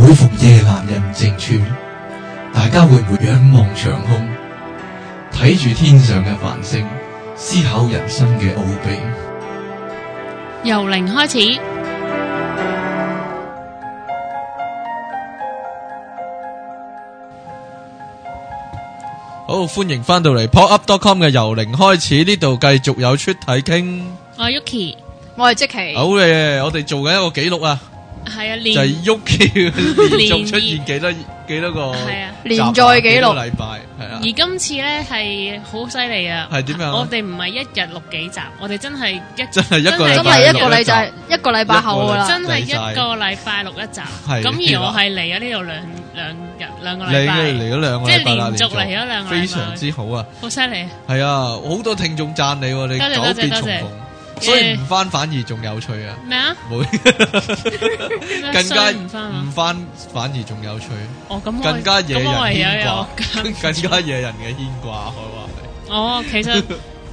每逢夜闌人靜處，大家會唔會仰望長空，睇住天上嘅繁星，思考人生嘅奧秘？由零開始，好，歡迎翻到嚟 Pod up dot com 嘅由零開始呢度，繼續有出體傾。我係 Yuki，我係積奇。好嘅，我哋做緊一個記錄啊。係啊，連續連續出現幾多幾多個係啊，連載紀錄個禮拜係啊。而今次咧係好犀利啊！係點樣？我哋唔係一日錄幾集，我哋真係一真係一個真係一個禮拜一個禮拜後噶啦，真係一個禮拜錄一集。咁而我係嚟咗呢度兩兩日兩個禮拜嚟咗兩個，即係連續嚟咗兩個禮拜，非常之好啊！好犀利！係啊，好多聽眾讚你，你多謝，多謝。所以唔翻反而仲有趣啊！咩啊？會更加唔翻，唔翻反而仲有趣。哦，咁更加惹人更加惹人嘅牽掛，佢話。哦，其實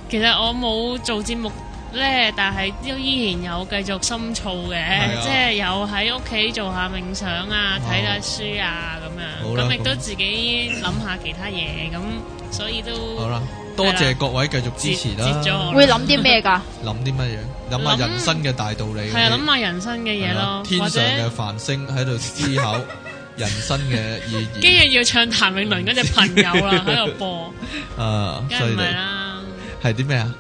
其實我冇做節目咧，但係依然有繼續深燥嘅，即係有喺屋企做下冥想啊，睇下書啊咁樣。好啦。咁亦都自己諗下其他嘢，咁所以都好啦。多謝各位繼續支持啦！會諗啲咩噶？諗啲乜嘢？諗下人生嘅大道理。係啊，諗下人生嘅嘢咯，天上嘅繁星喺度思考人生嘅意義。跟住要唱譚詠麟嗰隻朋友啦，喺度播。啊！犀利啦！係啲咩啊？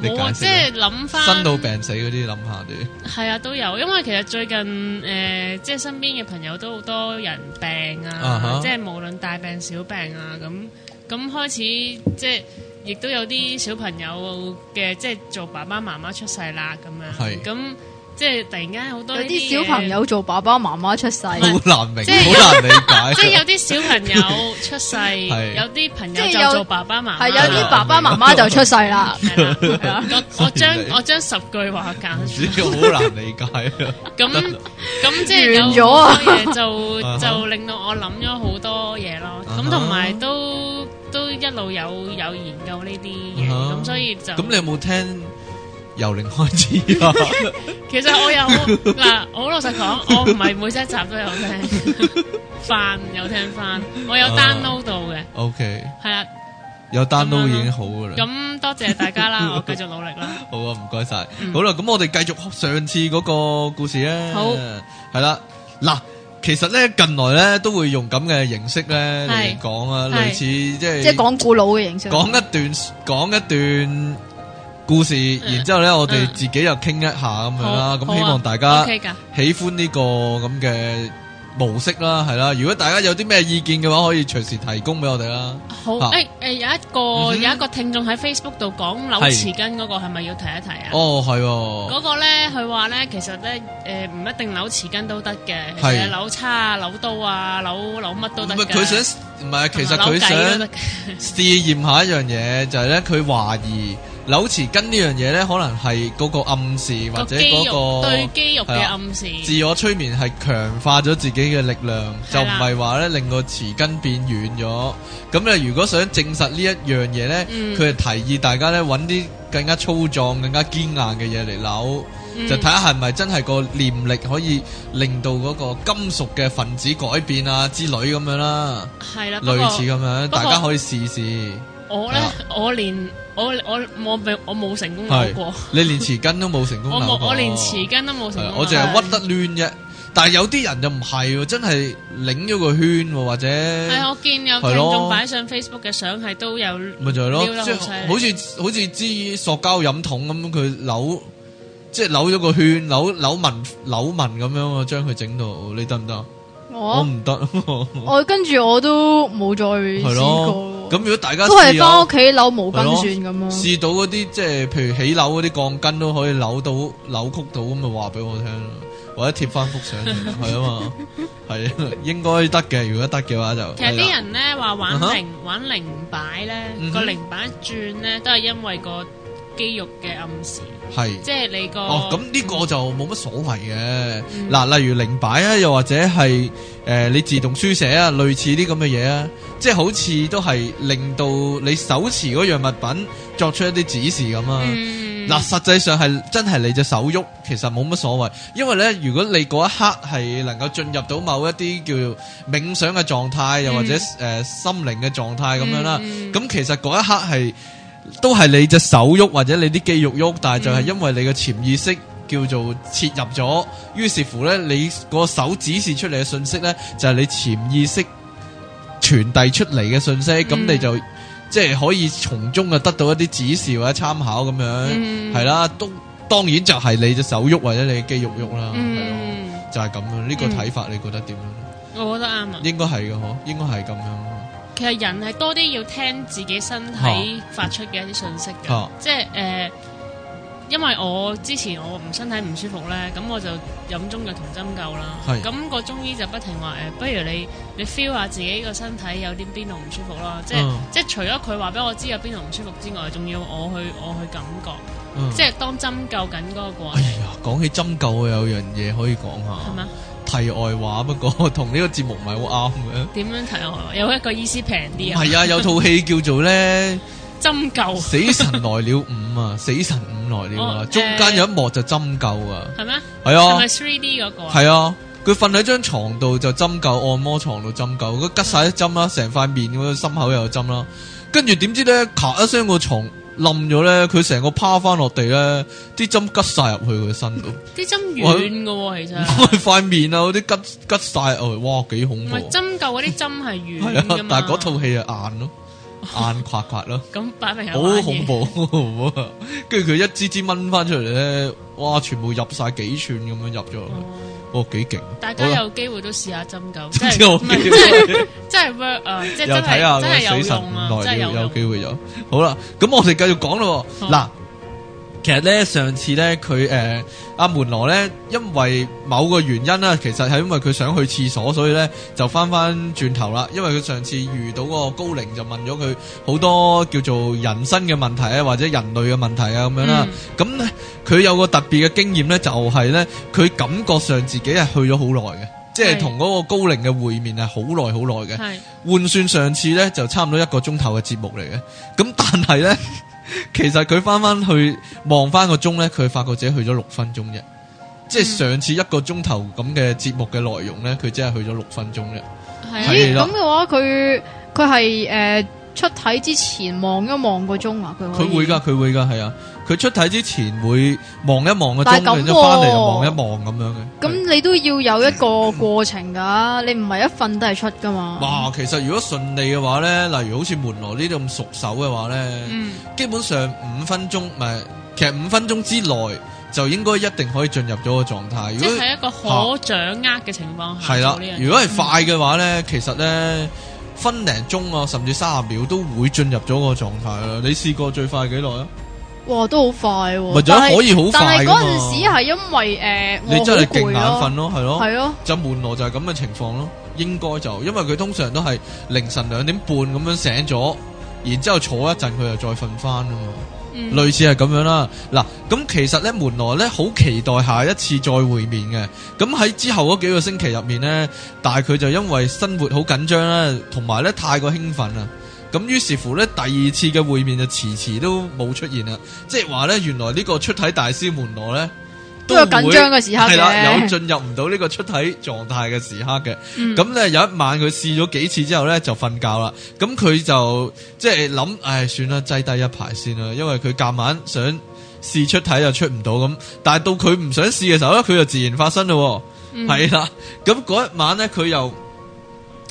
冇，即係諗翻生到病死嗰啲，諗下啲。係啊，都有，因為其實最近誒，即係身邊嘅朋友都好多人病啊，即係無論大病小病啊，咁咁開始即係。亦都有啲小朋友嘅，即係做爸爸媽媽出世啦咁樣。係。咁即係突然間好多有啲小朋友做爸爸媽媽出世，好難明，好難理解。即係有啲小朋友出世，有啲朋友就做爸爸媽媽，係有啲爸爸媽媽就出世啦。我我將我將十句話揀，好難理解啊！咁咁即係有好多嘢，就就令到我諗咗好多嘢咯。咁同埋都。都一路有有研究呢啲嘢，咁所以就咁，你有冇聽由零開始啊？其實我有嗱，我好老實講，我唔係每一集都有聽，翻有聽翻，我有 download 到嘅。OK，係啦，有 download 已經好噶啦。咁多謝大家啦，我繼續努力啦。好啊，唔該晒。好啦，咁我哋繼續上次嗰個故事啊。好，係啦，嗱。其實咧，近來咧都會用咁嘅形式咧嚟講啊，類似即係即係講古老嘅形式，講一段講一段故事，嗯、然之後咧、嗯、我哋自己又傾一下咁好樣啦，咁、啊、希望大家、okay、的喜歡呢個咁嘅。模式啦，係啦。如果大家有啲咩意見嘅話，可以隨時提供俾我哋啦。好，誒誒、啊欸欸、有一個、嗯、哼有一個聽眾喺 Facebook 度講扭匙羹嗰、那個係咪是要提一提啊？哦，係喎、哦。嗰個咧佢話咧，其實咧誒唔一定扭匙羹都得嘅，其實扭叉啊、扭刀啊、扭扭乜都得。佢、嗯、想，唔係其實佢想試驗一下一樣嘢，就係咧佢懷疑。扭匙羹呢樣嘢呢，可能係嗰個暗示或者嗰、嗰個肌肉嘅、啊、暗示，自我催眠係強化咗自己嘅力量，啊、就唔係話咧令個匙羹變軟咗。咁你如果想證實呢一樣嘢呢，佢係、嗯、提議大家呢，揾啲更加粗壯、更加堅硬嘅嘢嚟扭，嗯、就睇下係咪真係個念力可以令到嗰個金屬嘅分子改變啊之類咁樣啦。係類似咁樣，大家可以試試，試。嗯我咧，我連我我我我冇成功扭過。你連匙羹都冇成功扭過。我我連匙羹都冇成功。我淨係屈得攣啫。的但係有啲人又唔係，真係擰咗個圈或者。係我見有聽眾擺上 Facebook 嘅相，係都有。咪就係、是、咯、就是，好似好似支塑膠飲筒咁，佢扭即係、就是、扭咗個圈，扭扭紋扭紋咁樣啊，將佢整到你得唔得？我唔得。我，不 我跟住我都冇再試過的。咁如果大家都係翻屋企扭毛巾轉咁咯，試到嗰啲即係譬如起樓嗰啲鋼筋都可以扭到扭曲到，咁咪話俾我聽咯，或者貼翻幅相嚟係啊嘛，係應該得嘅。如果得嘅話就其實啲人咧話玩零玩零擺咧個零擺轉咧都係因為個。肌肉嘅暗示，係是即係你個哦，咁呢個就冇乜所謂嘅嗱，嗯、例如靈擺啊，又或者係誒、呃、你自動書寫啊，類似啲咁嘅嘢啊，即係好似都係令到你手持嗰樣物品作出一啲指示咁、嗯、啊。嗱，實際上係真係你隻手喐，其實冇乜所謂，因為咧，如果你嗰一刻係能夠進入到某一啲叫冥想嘅狀態，又或者誒、嗯呃、心靈嘅狀態咁樣啦，咁、嗯嗯、其實嗰一刻係。都係你隻手喐或者你啲肌肉喐，但係就係因為你嘅潛意識叫做切入咗，於、嗯、是乎呢，你個手指示出嚟嘅信息呢，就係、是、你潛意識傳遞出嚟嘅信息，咁、嗯、你就即係、就是、可以從中啊得到一啲指示或者參考咁樣，係、嗯、啦，都當然就係你隻手喐或者你嘅肌肉喐啦，係咯、嗯，就係、是、咁樣，呢、這個睇法你覺得點樣？我覺得啱啊，應該係嘅嗬，應該係咁樣。其實人係多啲要聽自己身體發出嘅一啲信息嘅，啊嗯啊、即係誒、呃，因為我之前我唔身體唔舒服咧，咁我就飲中藥同針灸啦。咁是個中醫就不停話誒、呃，不如你你 feel 下自己個身體有啲邊度唔舒服啦，即係、嗯、即係除咗佢話俾我知有邊度唔舒服之外，仲要我去我去感覺，嗯、即係當針灸緊嗰個。哎呀，講起針灸啊，有樣嘢可以講下，係嘛。題外話，不過同呢個節目唔係好啱嘅。點樣題外話？有一個意思平啲啊。係啊，有套戲叫做咧針灸。死神來了五啊，死神五來了啊，中間有一幕就針灸啊。係咩、哦？係、呃、嗎啊。係 three D 嗰個。係啊，佢瞓喺張床度就針灸按摩床度針灸，佢拮晒一針啦，成塊、嗯、面嗰個心、那個、口又有針啦，跟住點知咧咔一聲個床冧咗咧，佢成個趴翻落地咧，啲針拮晒入去佢身度。啲針軟噶，其實。塊 面啊，嗰啲吉吉晒，哇，幾恐怖！針灸嗰啲針係軟噶嘛。但係嗰套戲係硬咯，硬垮垮咯。咁擺明好恐怖，跟住佢一支支掹翻出嚟咧，哇，全部入晒幾寸咁樣入咗去。哦。哦，幾勁！大家有機會都試下針灸，真係真係 work 啊！ 即係真係 真係有用啊！真係有，有機會有。 好，好啦，咁我哋繼續講咯。嗱。其實咧，上次咧，佢誒，阿門羅咧，因為某個原因啦，其實係因為佢想去廁所，所以咧就翻翻轉頭啦。因為佢上次遇到嗰個高靈就問咗佢好多叫做人生嘅問題啊，或者人類嘅問題啊咁樣啦。咁咧，佢有個特別嘅經驗咧，就係咧，佢感覺上自己係去咗好耐嘅，是即係同嗰個高靈嘅會面係好耐好耐嘅。換是算上次咧，就差唔多一個鐘頭嘅節目嚟嘅。咁但係咧。 其實佢翻翻去望翻個鐘咧，佢發覺自己去咗六分鐘啫，即係上次一個鐘頭咁嘅節目嘅內容咧，佢只係去咗六分鐘啫。係啊，咁嘅話，佢佢係誒出體之前望一望個鐘啊，佢佢會噶，佢會噶，係啊。佢出體之前會望一望個鐘，咁翻嚟又望一望咁樣嘅。咁你都要有一個過程噶， 你唔係一瞓都係出噶嘛。哇，其實如果順利嘅話咧，例如好似門羅呢度咁熟手嘅話咧，嗯、基本上五分鐘咪，其實五分鐘之內就應該一定可以進入咗個狀態。如果係一個可掌握嘅情況下。係啦、啊，的如果係快嘅話咧，嗯、其實咧分零鐘啊，甚至三十秒都會進入咗個狀態啦。嗯、你試過最快幾耐啊？都好快，或者可以好快。但係嗰陣時係因為誒，呃、你真係勁眼瞓咯，係咯，係咯，就門羅就係咁嘅情況咯。應該就因為佢通常都係凌晨兩點半咁樣醒咗，然之後坐一陣佢又再瞓翻啊嘛。嗯、類似係咁樣啦。嗱，咁其實咧門羅咧好期待下一次再會面嘅。咁喺之後嗰幾個星期入面咧，但係佢就因為生活好緊張啦，同埋咧太過興奮啦。咁於是乎咧，第二次嘅會面就遲遲都冇出現啦。即係話咧，原來呢個出體大師門羅咧，都有緊張嘅時刻係啦，有進入唔到呢個出體狀態嘅時刻嘅。咁咧、嗯、有一晚佢試咗幾次之後咧就瞓覺啦。咁、嗯、佢就即係諗，唉，算啦，擠低一排先啦。因為佢夾晚想試出體又出唔到咁，但係到佢唔想試嘅時候咧，佢就自然發生咯。係啦、嗯，咁嗰一晚咧，佢又。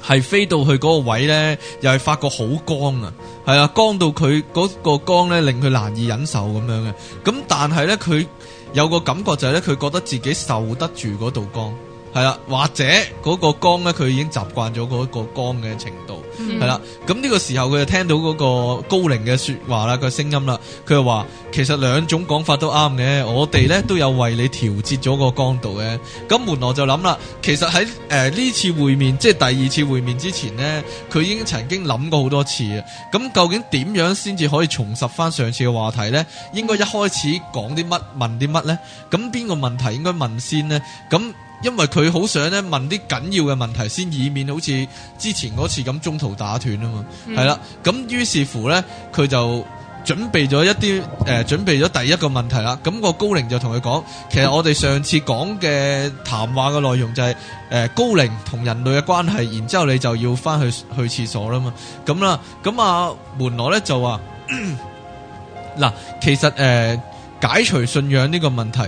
係飛到去嗰個位咧，又係發覺好光啊，係啊，光到佢嗰個光咧，令佢難以忍受咁樣嘅。咁但係咧，佢有個感覺就係咧，佢覺得自己受得住嗰度光，係啦，或者嗰個光咧，佢已經習慣咗嗰個光嘅程度。係啦，咁呢、嗯、個時候佢就聽到嗰個高靈嘅說話啦，嗰個聲音啦，佢就話：其實兩種講法都啱嘅，我哋呢都有為你調節咗個光度嘅。咁門羅就諗啦，其實喺誒呢次會面，即係第二次會面之前呢，佢已經曾經諗過好多次啊。咁究竟點樣先至可以重拾翻上次嘅話題呢？應該一開始講啲乜，問啲乜呢？咁邊個問題應該問先呢？咁。因為佢好想咧問啲緊要嘅問題，先以免好似之前嗰次咁中途打斷啊嘛，係啦、嗯，咁於是乎呢，佢就準備咗一啲誒、呃，準備咗第一個問題啦。咁、那個高靈就同佢講，其實我哋上次講嘅談話嘅內容就係、是、誒、呃、高靈同人類嘅關係，然之後你就要翻去去廁所啦嘛，咁啦，咁啊門羅呢就話，嗱，其實誒、呃、解除信仰呢個問題，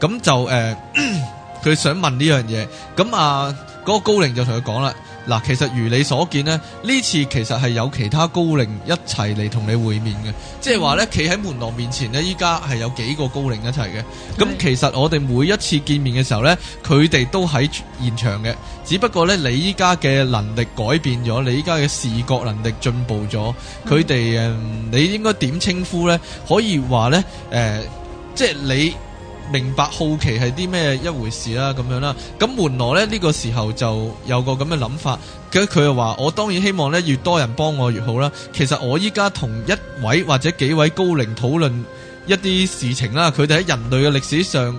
咁就誒。呃咳咳佢想問呢樣嘢，咁啊嗰、那個高靈就同佢講啦。嗱，其實如你所見咧，呢次其實係有其他高靈一齊嚟同你會面嘅，即係話咧，企喺門羅面前呢，依家係有幾個高靈一齊嘅。咁其實我哋每一次見面嘅時候呢，佢哋都喺現場嘅。只不過呢，你依家嘅能力改變咗，你依家嘅視覺能力進步咗，佢哋誒，你應該點稱呼呢？可以話呢，誒、呃，即係你。明白好奇係啲咩一回事啦、啊，咁樣啦，咁門羅呢，呢、呢個時候就有個咁嘅諗法，咁佢又話：我當然希望呢，越多人幫我越好啦。其實我依家同一位或者幾位高齡討論一啲事情啦，佢哋喺人類嘅歷史上。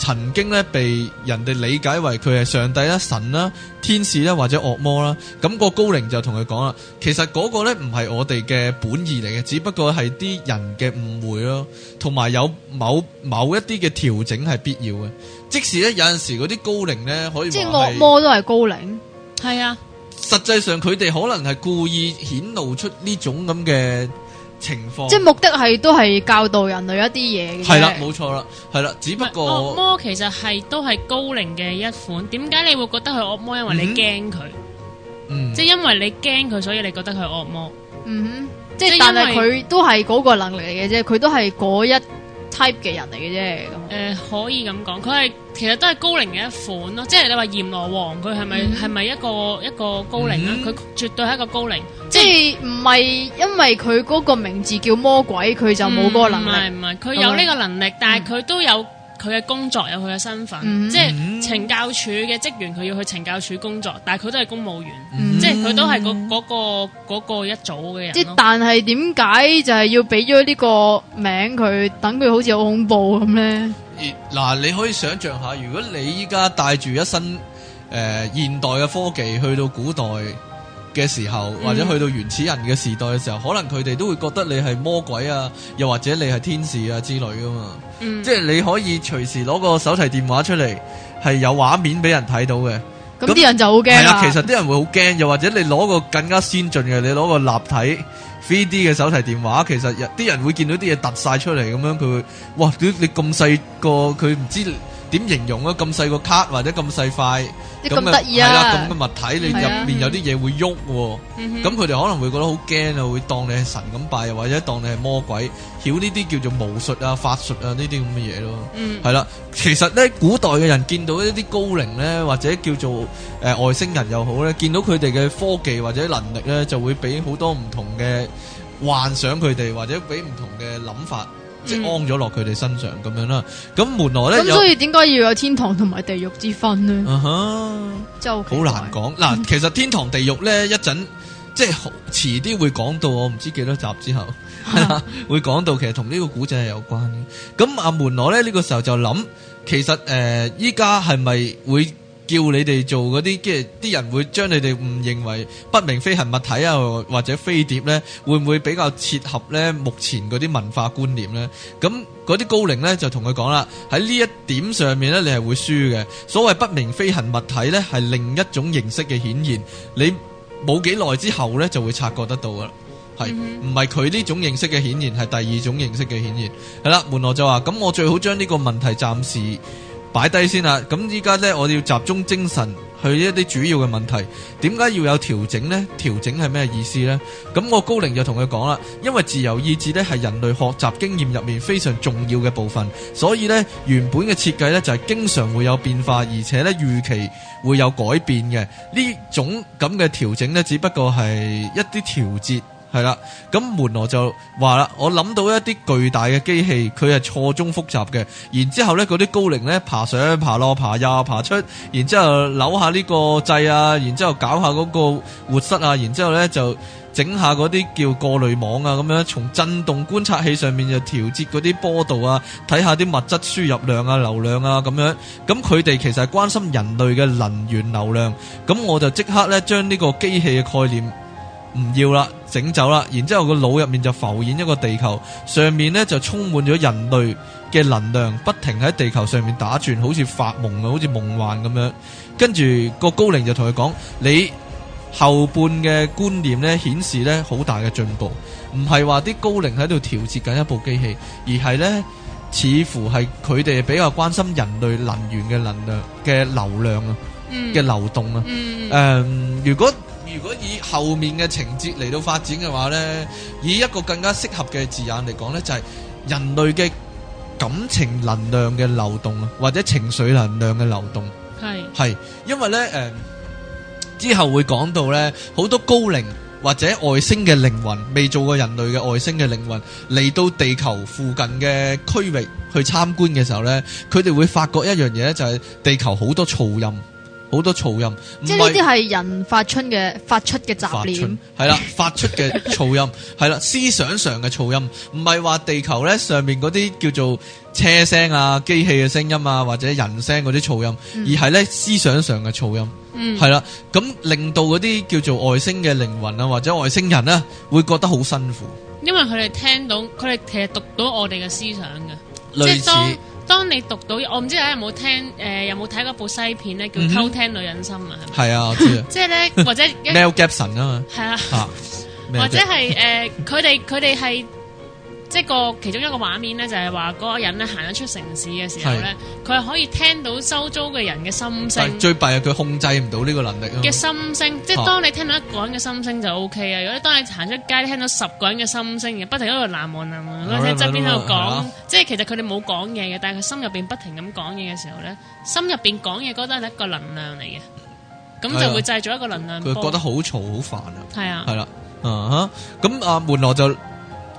曾經咧，被人哋理解為佢係上帝啦、神啦、天使咧或者惡魔啦。咁個高靈就同佢講啦，其實嗰個咧唔係我哋嘅本意嚟嘅，只不過係啲人嘅誤會咯，同埋有某某一啲嘅調整係必要嘅。即使咧有陣時嗰啲高靈咧可以，即係惡魔都係高靈，係啊。實際上佢哋可能係故意顯露出呢種咁嘅。情即係目的係都係教導人類一啲嘢嘅。係啦的，冇錯啦，係啦，只不過，惡魔其實係都係高靈嘅一款，點解你會覺得佢惡魔？因為你驚佢，嗯，即係因為你驚佢，所以你覺得佢惡魔。嗯哼，即係是為但係佢都係嗰個能力嚟嘅啫，佢都係嗰一。type 嘅人嚟嘅啫，咁誒可以咁講，佢係其實都係高靈嘅一款咯，即係你話閻羅王，佢係咪係咪一個一個高靈？佢絕對係一個高靈，即係唔係因為佢嗰個名字叫魔鬼，佢就冇嗰個能力，唔係唔係，佢有呢個能力，但係佢都有。佢嘅工作有佢嘅身份，嗯、即係懲教署嘅職員，佢要去懲教署工作，但係佢都係公務員，嗯、即係佢都係嗰、嗰個嗰、嗯嗰個嗰個一組嘅人。即係但係點解就係要俾咗呢個名佢，等佢好似好恐怖咁咧？嗱，你可以想象下，如果你依家帶住一身誒、呃、現代嘅科技去到古代嘅時候，或者去到原始人嘅時代嘅時候，嗯、可能佢哋都會覺得你係魔鬼啊，又或者你係天使啊之類噶嘛。嗯、即係你可以隨時攞個手提電話出嚟，係有畫面俾人睇到嘅。咁啲、嗯、啲人就好驚、啊啊、其實啲人會好驚，又或者你攞個更加先進嘅，你攞個立體 3D 嘅手提電話，其實啲人，人會見到啲嘢突晒出嚟咁樣，佢會哇！你咁細個，佢唔知。點形容啊？咁細個卡或者咁細塊，咁得意啊，係啦，咁嘅物體，你入面有啲嘢會喐喎，咁佢哋可能會覺得好驚啊，會當你係神咁拜，或者當你係魔鬼，曉呢啲叫做巫術啊、法術啊呢啲咁嘅嘢咯，係啦，其實咧，古代嘅人見到一啲高靈咧，或者叫做誒外星人又好咧，見到佢哋嘅科技或者能力咧，就會俾好多唔同嘅幻想佢哋，或者俾唔同嘅諗法。即安咗落佢哋身上咁、嗯、樣啦，咁門羅咧咁所以點解要有天堂同埋地獄之分咧？就好、啊、哈難講嗱，嗯、其實天堂地獄咧一陣即係遲啲會講到，我唔知幾多集之後、啊、 會講到，其實同呢個古仔係有關嘅。咁阿門羅咧呢、這個時候就諗，其實誒依家係咪會？叫你哋做嗰啲，即係啲人會將你哋誤認為不明飛行物體啊，或者飛碟咧，會唔會比較切合咧？目前嗰啲文化觀念咧，咁嗰啲高齡咧就同佢講啦，喺呢一點上面咧，你係會輸嘅。所謂不明飛行物體咧，係另一種形式嘅顯現，你冇幾耐之後咧就會察覺得到噶啦，係唔係佢呢種形式嘅顯現，係第二種形式嘅顯現，係啦。門羅就話：咁我最好將呢個問題暫時。擺低先啦，咁依家呢，我哋要集中精神去一啲主要嘅問題，點解要有調整呢？調整係咩意思呢？咁我高凌就同佢講啦，因為自由意志呢係人類學習經驗入面非常重要嘅部分，所以呢，原本嘅設計呢就係經常會有變化，而且呢，預期會有改變嘅。呢種咁嘅調整呢，只不過係一啲調節。係啦，咁、嗯、門羅就話啦，我諗到一啲巨大嘅機器，佢係錯綜複雜嘅。然之後咧，嗰啲高靈呢，爬上爬落爬入爬出，然之後扭下呢個掣啊，然之後搞下嗰個活塞啊，然之後咧就整下嗰啲叫過濾網啊，咁樣從震動觀察器上面就調節嗰啲波度啊，睇下啲物質輸入量啊流量啊咁樣。咁佢哋其實係關心人類嘅能源流量。咁我就即刻呢，將呢個機器嘅概念唔要啦。整走啦，然之後個腦入面就浮現一個地球，上面呢就充滿咗人類嘅能量，不停喺地球上面打轉，好似發夢啊，好似夢幻咁樣。跟住個高靈就同佢講：你後半嘅觀念呢顯示呢好大嘅進步，唔係話啲高靈喺度調節緊一部機器，而係呢似乎係佢哋比較關心人類能源嘅能量嘅流量啊，嘅、嗯、流動啊。誒、嗯嗯，如果如果以後面嘅情節嚟到發展嘅話咧，以一個更加適合嘅字眼嚟講咧，就係人類嘅感情能量嘅流動啊，或者情緒能量嘅流動係，係，因為咧誒之後會講到咧，好多高齡或者外星嘅靈魂未做過人類嘅外星嘅靈魂嚟到地球附近嘅區域去參觀嘅時候咧，佢哋會發覺一樣嘢，就係地球好多噪音。好多噪音，即係呢啲係人發出嘅發出嘅雜念，係啦，發出嘅噪音，係啦， 思想上嘅噪音，唔係話地球咧上面嗰啲叫做車聲啊、機器嘅聲音啊，或者人聲嗰啲噪音，而係咧思想上嘅噪音，係啦、嗯，咁令到嗰啲叫做外星嘅靈魂啊，或者外星人咧、啊、會覺得好辛苦，因為佢哋聽到佢哋其實讀到我哋嘅思想嘅，類似。當你讀到，我唔知大家有冇聽，誒、呃、有冇睇過部西片咧，叫《偷聽女人心》啊，係、嗯、哼啊，我知啊，即係咧，或者，male caption 啊嘛，係啊，或者係誒，佢哋佢哋係。呃即係個其中一個畫面咧，就係話嗰個人咧行咗出城市嘅時候咧，佢係可以聽到周遭嘅人嘅心聲。最弊係佢控制唔到呢個能力。嘅心聲，即係當你聽到一個人嘅心聲就 OK 啊。如果當你行出街聽到十個人嘅心聲，不停喺度攬望攬望，聽側邊喺度講，即係其實佢哋冇講嘢嘅，但係佢心入邊不停咁講嘢嘅時候咧，心入邊講嘢嗰陣係一個能量嚟嘅，咁就會製造一個能量。佢覺得好嘈好煩啊。係啊，係啦，啊嚇，咁啊門羅就。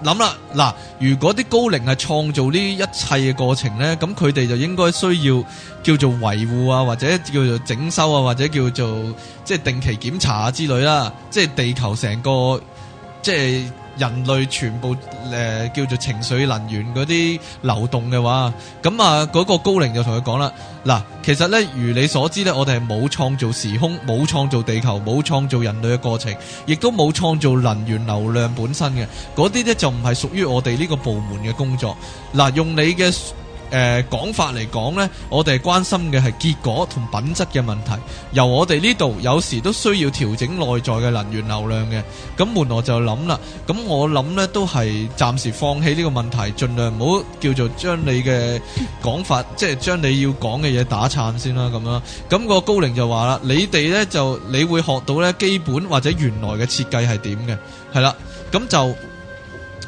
諗啦，嗱，如果啲高靈係創造呢一切嘅過程咧，咁佢哋就應該需要叫做維護啊，或者叫做整修啊，或者叫做即係定期檢查啊之類啦，即係地球成個即係。人類全部誒、呃、叫做情緒能源嗰啲流動嘅話，咁啊嗰、嗰個高齡就同佢講啦。嗱，其實呢，如你所知呢，我哋係冇創造時空，冇創造地球，冇創造人類嘅過程，亦都冇創造能源流量本身嘅。嗰啲呢，就唔係屬於我哋呢個部門嘅工作。嗱，用你嘅。誒，講法嚟講呢，我哋係關心嘅係結果同品質嘅問題。由我哋呢度有時都需要調整內在嘅能源流量嘅。咁門羅就諗啦，咁我諗呢都係暫時放棄呢個問題，盡量唔好叫做將你嘅講法，即係將你要講嘅嘢打殘先啦，咁啦。咁個高凌就話啦，你哋呢，就你會學到呢基本或者原來嘅設計係點嘅，係啦。咁就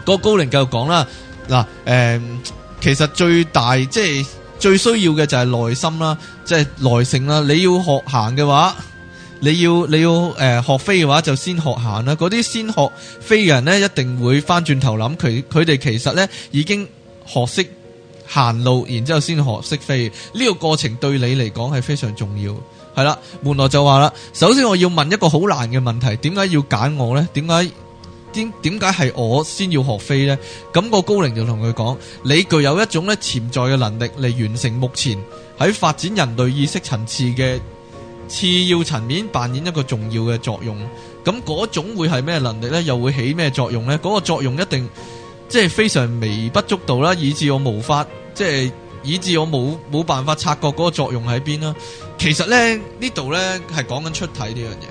個高凌繼續講啦，嗱，誒。其實最大即係最需要嘅就係耐心啦，即係耐性啦。你要學行嘅話，你要你要誒學飛嘅話，就先學行啦。嗰啲先學飛嘅人呢，一定會翻轉頭諗，佢佢哋其實呢已經學識行路，然之後先學識飛。呢個過程對你嚟講係非常重要。係啦，門羅就話啦，首先我要問一個好難嘅問題，點解要揀我呢？點解？點點解係我先要學飛呢？咁、那個高齡就同佢講：你具有一種咧，潛在嘅能力嚟完成目前喺發展人類意識層次嘅次要層面，扮演一個重要嘅作用。咁嗰種會係咩能力呢？又會起咩作用呢？嗰、那個作用一定即係、就是、非常微不足道啦，以致我無法即係，就是、以致我冇冇辦法察覺嗰個作用喺邊啦。其實呢呢度呢，係講緊出體呢樣嘢。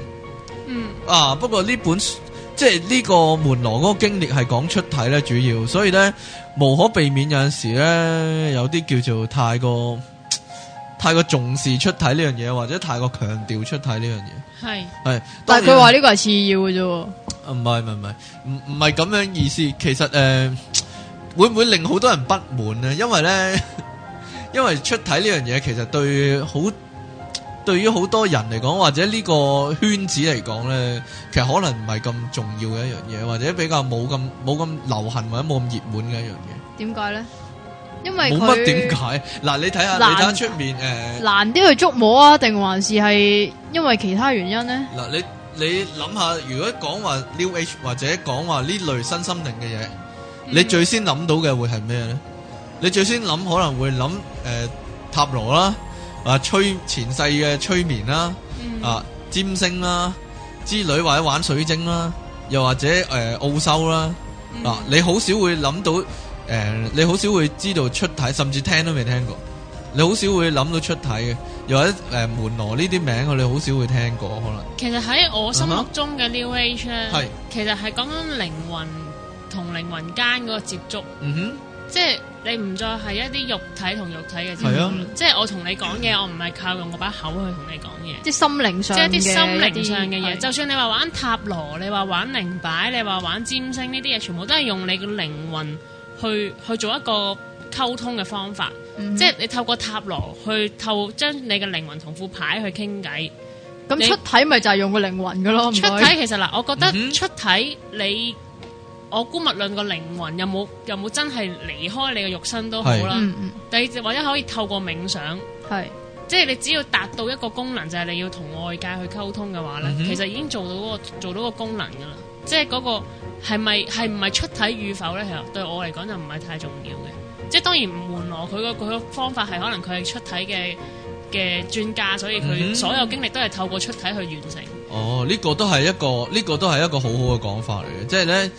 嗯啊，不過呢本書。即係呢個門羅嗰個經歷係講出體咧主要，所以咧無可避免有陣時咧有啲叫做太過太過重視出體呢樣嘢，或者太過強調出體是呢樣嘢。係係，但係佢話呢個係次要嘅啫。唔係唔係唔唔係咁樣意思。其實誒、呃、會唔會令好多人不滿咧？因為咧因為出體呢樣嘢其實對好。對於好多人嚟講，或者呢個圈子嚟講咧，其實可能唔係咁重要嘅一樣嘢，或者比較冇咁冇咁流行或者冇咁熱門嘅一樣嘢。點解咧？因為冇乜點解嗱？你睇下其他出面誒，呃、難啲去捉摸啊，定還是係因為其他原因咧？嗱，你你諗下，如果講話 New Age 或者講話呢類身心靈嘅嘢，你最先諗到嘅會係咩咧？你最先諗可能會諗誒、呃、塔羅啦。啊！催前世嘅催眠啦、啊，嗯、啊！占星啦、啊，之類或者玩水晶啦、啊，又或者誒奧修啦，呃啊，嗯、啊！你好少會諗到，誒、呃、你好少會知道出體，甚至聽都未聽過，你好少會諗到出體嘅，又或者誒、呃、門羅呢啲名，我哋好少會聽過可能。其實喺我心目中嘅 New Age 咧，係、uh huh. 其實係講緊靈魂同靈魂間嗰個接觸，嗯哼、uh，即、huh. 係、就是。你唔再係一啲肉體同肉體嘅交流，即係我同你講嘢，我唔係靠用我把口去同你講嘢，即係心靈上嘅，即係一啲心靈上嘅嘢。就算你話玩塔羅，你話玩靈擺，你話玩占星呢啲嘢，全部都係用你嘅靈魂去去做一個溝通嘅方法。即係你透過塔羅去透將你嘅靈魂同副牌去傾偈。咁出體咪就係用個靈魂㗎囉。出體其實嗱，我覺得出體你。我姑勿論個靈魂有冇有冇真係離開你嘅肉身都好啦。第二、嗯嗯、或者可以透過冥想，是即係你只要達到一個功能，就係、是、你要同外界去溝通嘅話咧，嗯、哼其實已經做到個做到個功能㗎啦。即係嗰、那個係咪係唔係出體與否咧？其實對我嚟講就唔係太重要嘅。即係當然唔換我，佢個佢個方法係可能佢係出體嘅嘅專家，所以佢所有經歷都係透過出體去完成。嗯、哦，呢、這個都係一個呢、這個都係一個好好嘅講法嚟嘅，即係咧。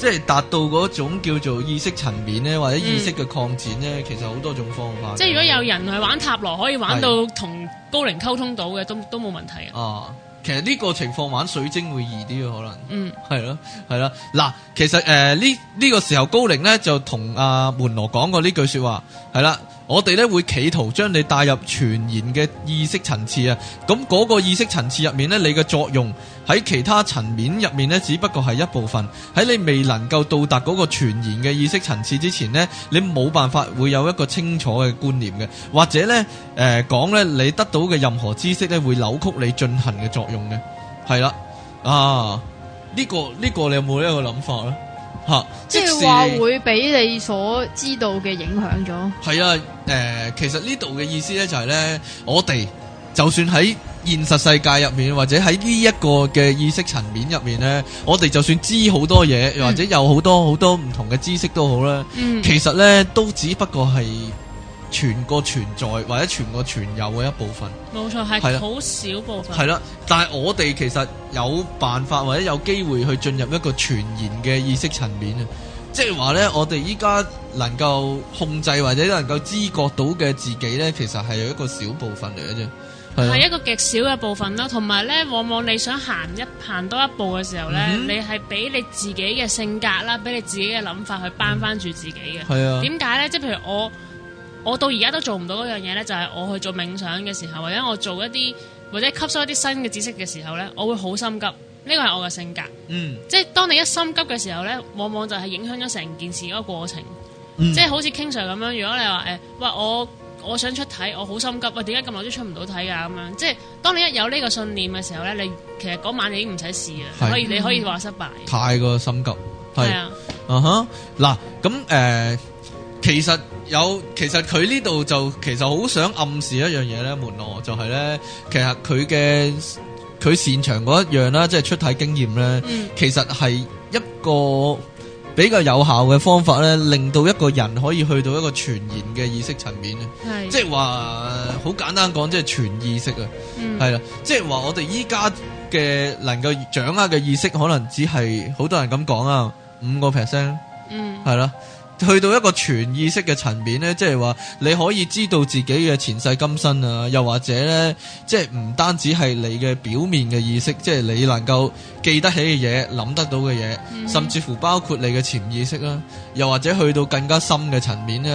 即係達到嗰種叫做意識層面咧，或者意識嘅擴展咧，其實好多種方法。即係如果有人係玩塔羅，可以玩到同高靈溝通到嘅的，都都冇問題啊。啊，其實呢個情況玩水晶會易啲啊，可能。嗯，係咯，係咯。嗱，其實誒呢呢個時候高靈咧就同阿、呃、門羅講過呢句説話，係啦。我哋咧會企圖將你帶入全然嘅意識層次啊，咁嗰個意識層次入面咧，你嘅作用喺其他層面入面咧，只不過係一部分。喺你未能夠到達嗰個全然嘅意識層次之前咧，你冇辦法會有一個清楚嘅觀念嘅，或者咧誒、呃、講咧，你得到嘅任何知識咧會扭曲你進行嘅作用嘅，係啦啊，呢個呢個你有冇呢個諗法咧？吓，啊、即係話會俾你所知道嘅影響咗。係啊，誒、呃，其實呢度嘅意思呢，就係呢：我哋就算喺現實世界入面，或者喺呢一個嘅意識層面入面呢，我哋就算知好多嘢，或者有好多好多唔同嘅知識都好啦，嗯、其實呢都只不過係，全個存在或者全個存有嘅一部分，冇錯，係好少部分。係啦，但係我哋其實有辦法或者有機會去進入一個全然嘅意識層面啊！即係是話呢，我哋依家能夠控制或者能夠知覺到嘅自己呢，其實係有一個小部分嚟嘅啫，係一個極小嘅部分啦。同埋呢，往往你想行一行多一步嘅時候呢，嗯、哼你係俾你自己嘅性格啦，俾你自己嘅諗法去扳翻住自己嘅。係啊、嗯，點解呢？即係譬如我。我到而家都做唔到嗰樣嘢咧，就係、是、我去做冥想嘅時候，或者我做一啲或者吸收一啲新嘅知識嘅時候咧，我會好心急。呢個係我嘅性格。嗯。即係當你一心急嘅時候咧，往往就係影響咗成件事嗰個過程。嗯、即係好似 King Sir 咁樣，如果你話誒、欸，喂，我我想出體，我好心急，喂，點解咁耐都出唔到體㗎咁樣？即係當你一有呢個信念嘅時候咧，你其實嗰晚你已經唔使試啊，所以是、嗯、你可以話失敗。太過心急。係啊。嗱咁誒。Huh. 其實有，其實佢呢度就其實好想暗示一樣嘢咧，門羅就係、是、咧，其實佢嘅佢擅長嗰一樣啦，即係出體經驗咧，嗯、其實係一個比較有效嘅方法咧，令到一個人可以去到一個全然嘅意識層面啊是，即係話好簡單講，即係全意識啊，係啦、嗯，即係話我哋依家嘅能夠掌握嘅意識，可能只係好多人咁講啊，五個 percent，嗯，係啦。去到一個全意識嘅層面咧，即係話你可以知道自己嘅前世今生啊，又或者咧，即係唔單止係你嘅表面嘅意識，即係你能夠記得起嘅嘢、諗得到嘅嘢，mm hmm. 甚至乎包括你嘅潛意識啦，又或者去到更加深嘅層面咧，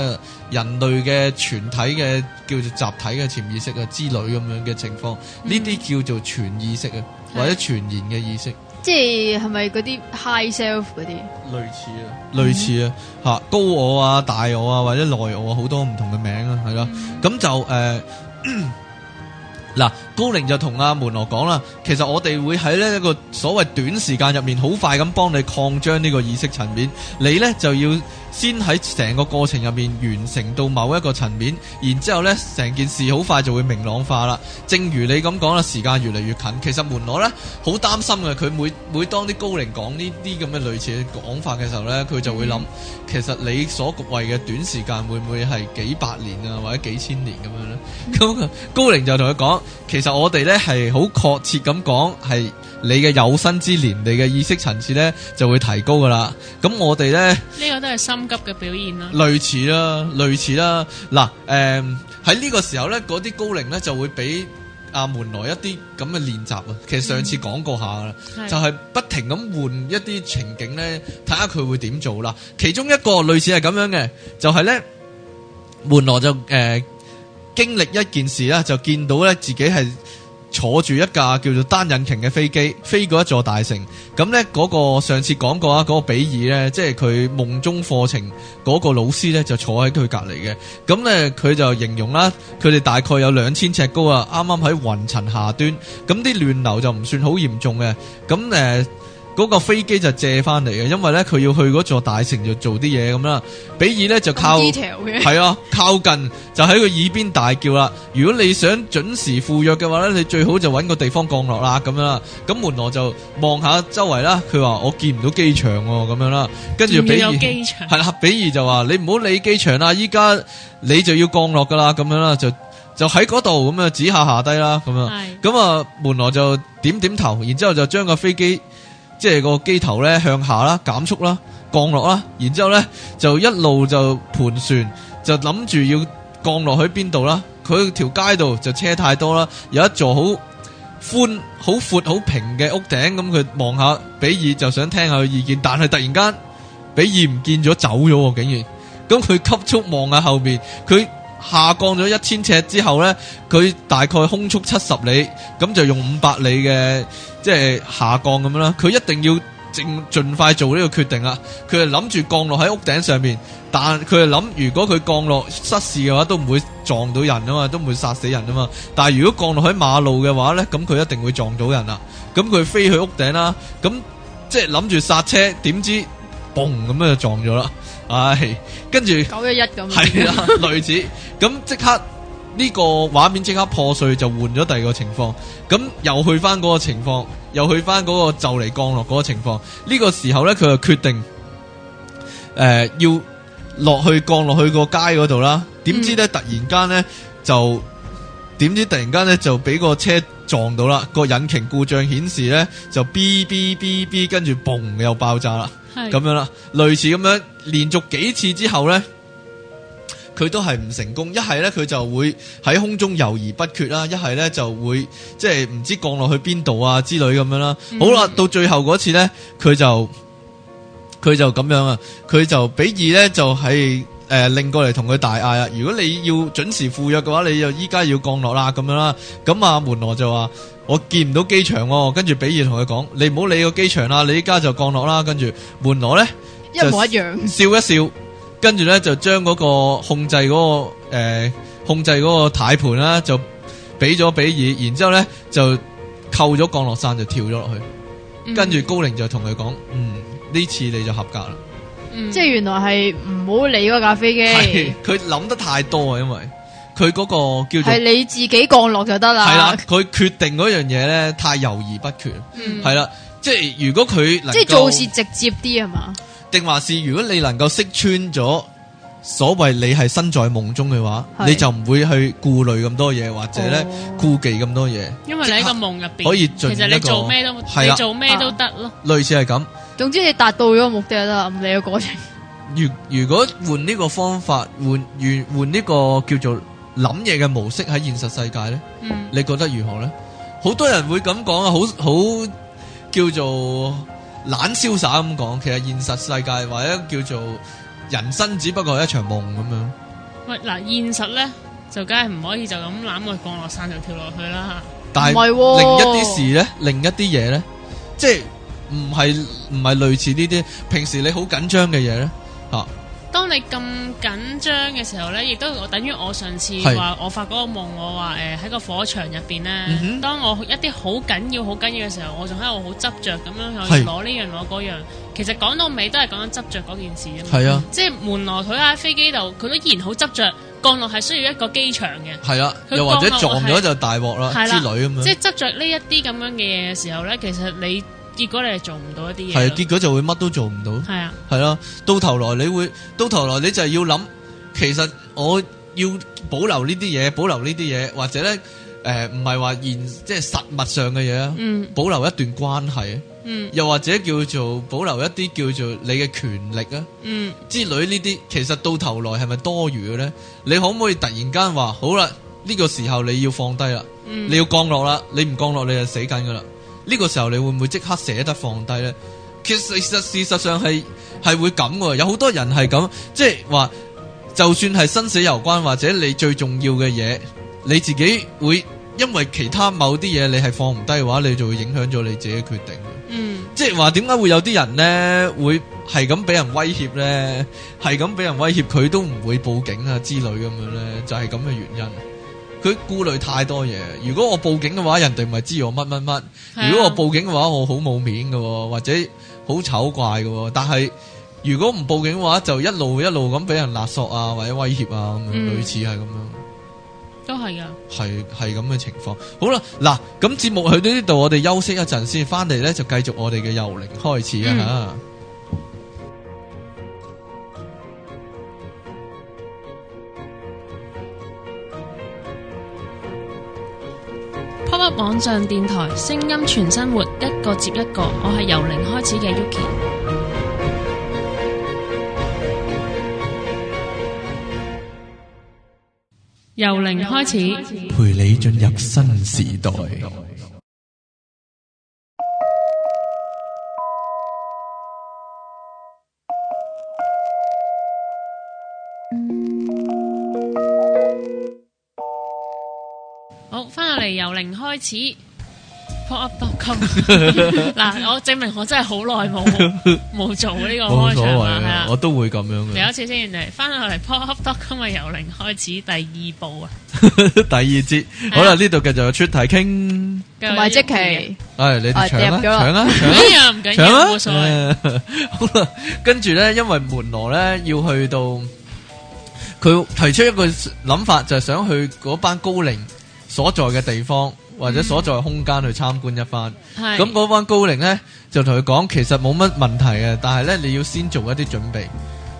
人類嘅全體嘅叫做集體嘅潛意識啊之類咁樣嘅情況，呢啲、mm hmm. 叫做全意識啊，或者全然嘅意識。即係係咪嗰啲 high self 嗰啲？類似啊，嗯、類似啊，吓高我啊、大我啊或者內我啊，好多唔同嘅名、嗯呃、啊，係咯。咁就誒，嗱高寧就同阿門羅講啦。其實我哋會喺呢一個所謂短時間入面，好快咁幫你擴張呢個意識層面。你咧就要。先喺成個過程入面完成到某一個層面，然之後呢成件事好快就會明朗化啦。正如你咁講啦，時間越嚟越近，其實門羅呢好擔心嘅，佢每每當啲高靈講呢啲咁嘅類似嘅講法嘅時候呢，佢就會諗，嗯、其實你所謂嘅短時間會唔會係幾百年啊，或者幾千年咁樣呢？ 」咁高靈就同佢講，其實我哋呢係好確切咁講係。你嘅有生之年，你嘅意識層次咧就會提高噶啦。咁我哋咧，呢個都係心急嘅表現啦。類似啦，類似啦。嗱，誒喺呢個時候咧，嗰啲高靈咧就會俾阿門羅一啲咁嘅練習啊。其實上次講過下噶啦，就係不停咁換一啲情景咧，睇下佢會點做啦。其中一個類似係咁樣嘅，就係咧門羅就誒經歷一件事咧，就見到咧自己係。坐住一架叫做單引擎嘅飛機，飛過一座大城。咁呢嗰個上次講過啊，嗰個比爾呢，即係佢夢中課程嗰個老師呢，就坐喺佢隔離嘅。咁呢，佢就形容啦，佢哋大概有兩千尺高啊，啱啱喺雲層下端。咁啲亂流就唔算好嚴重嘅。咁誒。嗰個飛機就借翻嚟嘅，因為咧佢要去嗰座大城做啲嘢咁啦。比爾咧就靠，係啊，靠近就喺佢耳邊大叫啦。如果你想準時赴約嘅話咧，你最好就揾個地方降落啦，咁樣啦。咁門羅就望下周圍啦，佢話我見唔到機場喎、哦，咁樣啦。跟住比爾係啦，比爾就話你唔好理機場啦，依家 你就要降落噶啦，咁樣啦，就就喺嗰度咁啊指下下低啦，咁樣。咁啊的門羅就點點頭，然之後就將個飛機。即係個機頭咧向下啦，減速啦，降落啦，然之後咧就一路就盤旋，就諗住要降落去邊度啦。佢條街度就車太多啦，有一座好寬、好闊、好平嘅屋頂，咁佢望下比爾，就想聽下佢意見，但係突然間比爾唔見咗，走咗竟然。咁佢急速望下後邊，佢下降咗一千尺之後咧，佢大概空速七十里，咁就用五百里嘅。即係下降咁樣啦，佢一定要盡盡快做呢個決定啊。佢係諗住降落喺屋頂上面，但佢係諗如果佢降落失事嘅話，都唔會撞到人啊嘛，都唔會殺死人啊嘛。但係如果降落喺馬路嘅話咧，咁佢一定會撞到人啊。咁佢飛去屋頂啦，咁即係諗住剎車，點知嘣咁樣就撞咗啦。唉，跟住九一一咁、啊，係啦，類似咁即刻。呢個畫面即刻破碎，就換咗第二個情況。咁又去返嗰個情況，又去返嗰個就嚟降落嗰個情況。呢、這個時候呢，佢就決定誒、呃、要落去降落去個街嗰度啦。點知呢，嗯、突然間呢，就點知突然間呢，就俾個車撞到啦。個引擎故障顯示呢，就 B B B B，B 跟住嘣又爆炸啦，咁是樣啦，類似咁樣連續幾次之後呢，佢都係唔成功，一係咧佢就會喺空中猶豫不決啦，一係咧就會即係唔知降落去邊度啊之類咁樣啦。嗯、好啦，到最後嗰次咧，佢就佢就咁樣啊，佢就比爾咧就係、是、誒，令、呃、過嚟同佢大嗌啊！如果你要準時赴約嘅話，你就依家要降落啦咁樣啦。咁啊，門羅就話我見唔到機場哦，跟住比爾同佢講，你唔好理個機場啦，你依家就降落啦。跟住門羅咧，一模一樣，笑一笑。跟住咧就將嗰個控制嗰、嗰個誒、呃、控制個台盤啦，就俾咗比爾，然之後咧就扣咗降落傘就跳咗落去。嗯、跟住高凌就同佢講：嗯，呢次你就合格啦。嗯，即係原來係唔好理嗰架飛機。係佢諗得太多啊，因為佢嗰個叫做係你自己降落就得啦。係啦，佢決定嗰樣嘢咧太猶豫不決。係啦、嗯，即係如果佢即係做事直接啲係嘛？定話是，如果你能夠識穿咗所謂你係身在夢中嘅話，你就唔會去顧慮咁多嘢，或者咧顧忌咁多嘢。因為你喺個夢入邊可以，其實你做咩都，你做咩都得咯。類似係咁。總之，你達到咗個目的啦，你嘅過程。如如果換呢個方法，換換換呢個叫做諗嘢嘅模式喺現實世界咧，你覺得如何咧？好多人會咁講啊，好好叫做。懶瀟灑咁講，其實現實世界或者叫做人生只不過係一場夢咁樣。喂，嗱、啊，現實咧就梗係唔可以就咁攬個降落傘就跳落去啦。但係、哦、另一啲事咧，另一啲嘢咧， 即係唔係唔係類似呢啲平時你好緊張嘅嘢咧，吓、啊。當你咁緊張嘅時候呢，亦都等於我上次話是我發嗰個夢，我話誒喺個火場入邊呢，嗯、哼當我一啲好緊要、好緊要嘅時候，我仲喺度好執着咁樣去攞呢樣攞嗰樣。其實講到尾都係講緊執着嗰件事啫嘛。係啊，即係門羅佢喺飛機度，佢都依然好執着，降落係需要一個機場嘅。係啦、啊，又或者撞咗就大禍大鑊啦之類咁樣。即係執着呢一啲咁樣嘅嘢嘅時候呢，其實你。結果你係做唔到一啲嘢，係啊，結果就會乜都做唔到，係啊，係咯、啊，到頭來你會，到頭來你就係要諗，其實我要保留呢啲嘢，保留呢啲嘢，或者咧，誒唔係話現，即係實物上嘅嘢啊，嗯、保留一段關係，嗯、又或者叫做保留一啲叫做你嘅權力啊，嗯、之類呢啲，其實到頭來係咪多餘嘅咧？你可唔可以突然間話，好啦，呢個時候你要放低啦，嗯、你要降落啦，你唔降落你就死緊噶啦呢個時候你會唔會即刻捨得放低呢？其實事實上係係會咁喎，有好多人係咁，即係話，就算係生死攸關，或者你最重要嘅嘢，你自己會因為其他某啲嘢，你係放唔低嘅話，你就會影響咗你自己決定。嗯，即係話點解會有啲人呢會係咁俾人威脅呢？係咁俾人威脅，佢都唔會報警啊之類咁樣呢，就係咁嘅原因。佢顧慮太多嘢。如果我報警嘅話，人哋唔係知我乜乜乜。如果我報警嘅話，我好冇面㗎，或者好醜怪㗎。但係如果唔報警嘅話，就一路一路咁俾人勒索啊，或者威脅啊，嗯、類似係咁樣。都係噶。係係咁嘅情況。好啦，嗱，咁節目去到呢度，我哋休息一陣先，翻嚟咧就繼續我哋嘅遊靈開始啊嚇。嗯香港網上電台，聲音全生活，一個接一個。我係由零開始嘅 Yuki，由零開始，陪你進入新時代。由零開始，pop up dot com e 嗱，我證明我真係好耐冇冇做呢個開場啦。我都會咁樣嘅。嚟一次先嚟，翻落嚟 pop up dot com e 咪由零開始第二步啊，第二節，好啦，呢度繼續有出題傾。唔埋即 k 係你搶啦，搶啦，搶啊，唔緊要，冇所謂。好啦，跟住咧，因為門羅咧要去到，佢提出一個諗法，就係想去嗰班高靈。所在嘅地方或者所在嘅空間去參觀一番，咁嗰是班高靈咧就同佢講，其實冇乜問題嘅，但係咧你要先做一啲準備，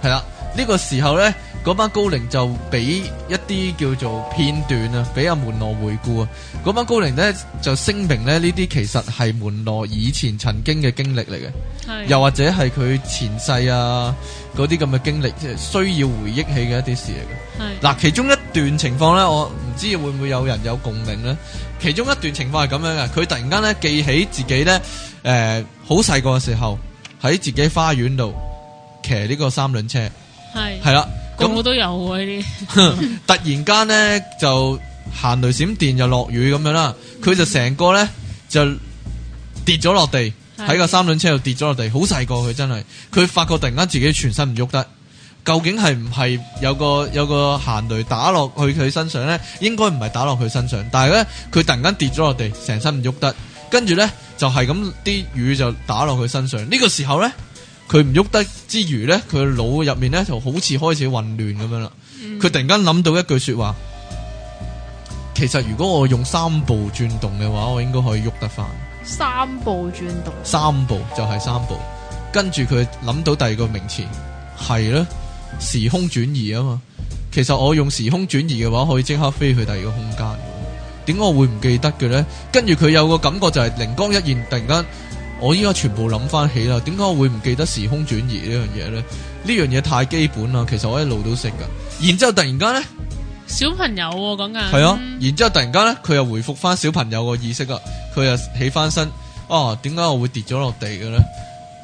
係啦，呢個時候咧。嗰班高靈就俾一啲叫做片段啊，俾阿門羅回顧啊。嗰班高靈呢，就聲明呢，呢啲其實係門羅以前曾經嘅經歷嚟嘅，是又或者係佢前世啊嗰啲咁嘅經歷，即係需要回憶起嘅一啲事嚟嘅。嗱是，其中一段情況呢，我唔知會唔會有人有共鳴呢？其中一段情況係咁樣嘅，佢突然間呢記起自己呢，誒、呃，好細個嘅時候喺自己花園度騎呢個三輪車，係啦是。咁我、嗯、都有喎呢啲， 突然間咧就行雷閃電又落雨咁樣啦，佢就成個咧就跌咗落地，喺的個三輪車度跌咗落地，好細個佢真係，佢發覺突然間自己全身唔喐得，究竟係唔係有個有個行雷打落去佢身上咧？應該唔係打落佢身上，但係咧佢突然間跌咗落地，成身唔喐得，跟住咧就係咁啲雨就打落佢身上，呢、這個時候咧。佢唔喐得之餘呢，佢腦入面呢就好似開始混亂咁樣啦。佢突然間諗到一句説話，嗯、其實如果我用三步轉動嘅話，我應該可以喐得翻。三步轉動，三步就係三步。跟住佢諗到第二個名詞，係咧時空轉移啊嘛。其實我用時空轉移嘅話，可以即刻飛去第二個空間。點解我會唔記得嘅呢？跟住佢有個感覺就係、是、靈光一現，突然間。我依家全部諗翻起啦，點解我會唔記得時空轉移呢樣嘢呢？呢樣嘢太基本啦，其實我一路都識噶。然之後突然間呢，小朋友講緊係啊，啊然之後突然間呢，佢又回復翻小朋友個意識啊，佢又起翻身。哦，點解我會跌咗落地嘅呢？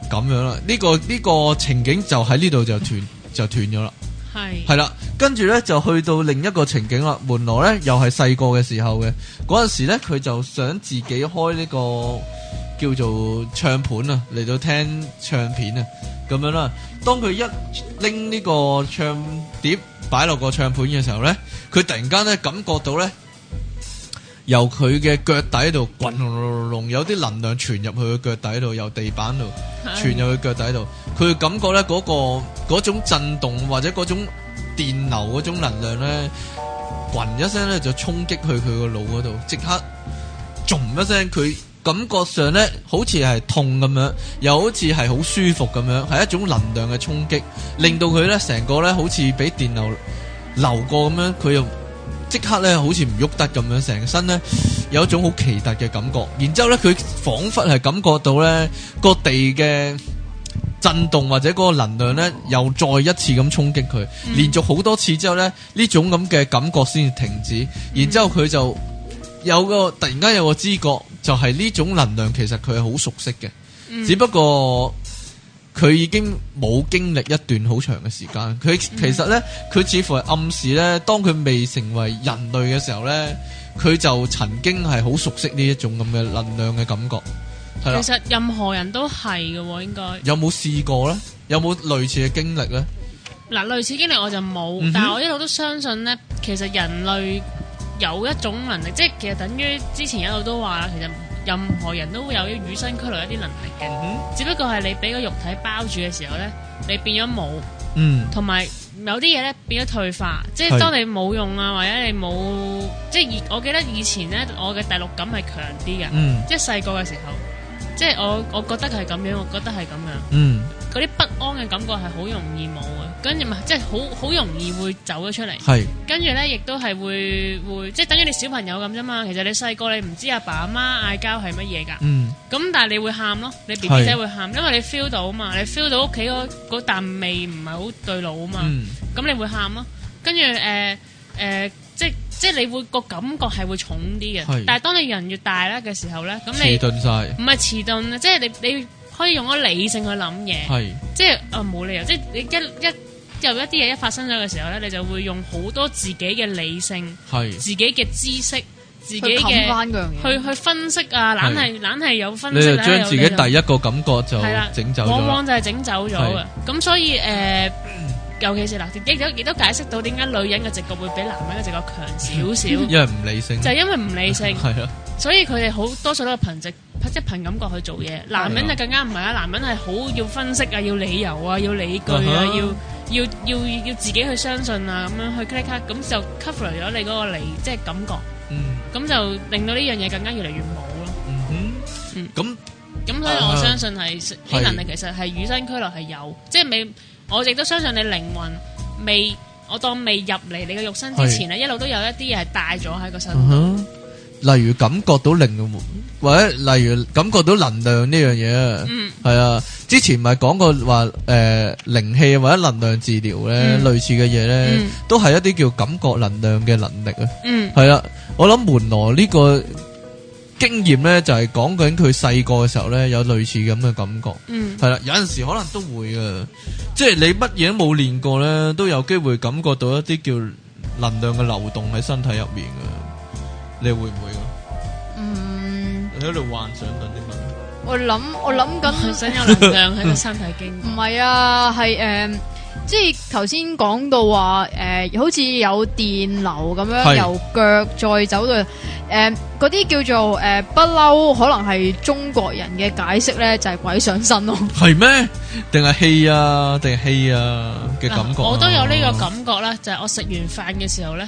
咁樣啦，呢、這個呢、這個情景就喺呢度就斷 就斷咗啦。係係啦，跟住呢，就去到另一個情景啦。門羅呢，又係細個嘅時候嘅嗰陣時咧，佢就想自己開呢、這個。叫做唱盤啊，嚟到聽唱片啊，咁樣啦、啊。當佢一拎呢個唱碟擺落個唱盤嘅時候咧，佢突然間咧感覺到咧，由佢嘅腳底度滾隆隆隆隆有啲能量傳入去佢腳底度，由地板度傳入去腳底度。佢唉感覺咧嗰、嗰個嗰種震動或者嗰種電流嗰種能量咧，滾一聲咧就衝擊去佢個腦嗰度，即刻，咚一聲佢。感覺上呢，好似係痛咁樣，又好似係好舒服咁樣，係一種能量嘅衝擊，令到佢呢成個呢好似俾電流流過咁樣，佢又即刻呢好似唔喐得咁樣，成身呢有一種好奇特嘅感覺。然之後呢，佢彷彿係感覺到呢個地嘅震動或者嗰個能量呢又再一次咁衝擊佢，嗯、連續好多次之後呢，呢種咁嘅感覺先至停止。然之後佢就有個突然間有個知覺。就係呢種能量，其實佢係好熟悉嘅，嗯、只不過佢已經冇經歷一段好長嘅時間。佢其實呢，佢、嗯、似乎係暗示呢，當佢未成為人類嘅時候呢，佢就曾經係好熟悉呢一種咁嘅能量嘅感覺。係啦，其實任何人都係嘅喎，應該有冇試過呢？有冇類似嘅經歷呢？嗱，類似經歷我就冇，嗯、哼但係我一路都相信呢，其實人類，有一種能力，即係其實等於之前一路都話，其實任何人都會有啲與生俱來一啲能力嘅，只不過係你俾個肉體包住嘅時候呢，你變咗冇，同埋、嗯、有啲嘢呢變咗退化，即係當你冇用啊，或者你冇，即係我記得以前呢，我嘅第六感係強啲嘅，嗯、即係細個嘅時候，即係我我覺得係咁樣，我覺得係咁樣。嗯嗰啲不安嘅感覺係好容易冇嘅，跟住咪即係好好容易會走咗出嚟。係跟住咧，亦都係會會即係等於你小朋友咁啫嘛。其實你細個你唔知阿爸阿媽嗌交係乜嘢㗎。嗯，咁但係你會喊咯，你 B B 仔會喊，因為你 feel 到啊嘛，你 feel 到屋企嗰嗰啖味唔係好對路啊嘛。嗯，咁你會喊咯。跟住誒誒，即係即係你會個感覺係會重啲嘅。係，但係當你人越大咧嘅時候咧，咁你遲鈍曬，唔係遲鈍啊，即係你你。可以用咗理性去諗嘢，即係啊冇理由，即係你一一有一啲嘢一發生咗嘅時候咧，你就會用好多自己嘅理性，自己嘅知識，自己嘅五官去去分析啊，懶係懶係有分析。你就將自己第一個感覺就整走，往往就係整走咗嘅。咁所以誒，尤其是嗱，亦都亦都解釋到點解女人嘅直覺會比男人嘅直覺強少少，因為唔理性，就係因為唔理性，係咯，所以佢哋好多數都係憑直。即係憑感覺去做嘢，男人就更加唔係啦。男人係好要分析啊，要理由啊，要理據啊，uh huh. 要要要要自己去相信啊，咁樣去 clarify 咁就 cover 咗你嗰個理，即係感覺。咁、uh huh. 就令到呢樣嘢更加越嚟越冇咯。咁咁，所以我相信係啲、uh huh. 能力，其實係與生俱來係有，即係未。我亦都相信你靈魂未，我當未入嚟你嘅肉身之前咧，uh huh. 一路都有一啲嘢係帶咗喺個身例如感覺到靈，或者例如感覺到能量呢樣嘢，係啊、嗯，之前咪講過話誒靈氣或者能量治療咧，嗯、類似嘅嘢咧，嗯、都係一啲叫感覺能量嘅能力啊，係啊、嗯，我諗門羅呢個經驗咧，就係講緊佢細個嘅時候咧，有類似咁嘅感覺，係啦、嗯，有陣時可能都會啊，即係你乜嘢都冇練過咧，都有機會感覺到一啲叫能量嘅流動喺身體入面噶。你會唔會噶？嗯。你喺度幻想緊啲乜？我諗，我諗緊想有能量喺個身體經。唔係啊，係誒，即係頭先講到話誒，好似有電流咁樣由腳再走到誒嗰啲叫做誒不嬲，可能係中國人嘅解釋咧，就係鬼上身咯。係咩？定係氣啊？定係氣啊？嘅感覺。我都有呢個感覺咧，就係我食完飯嘅時候咧。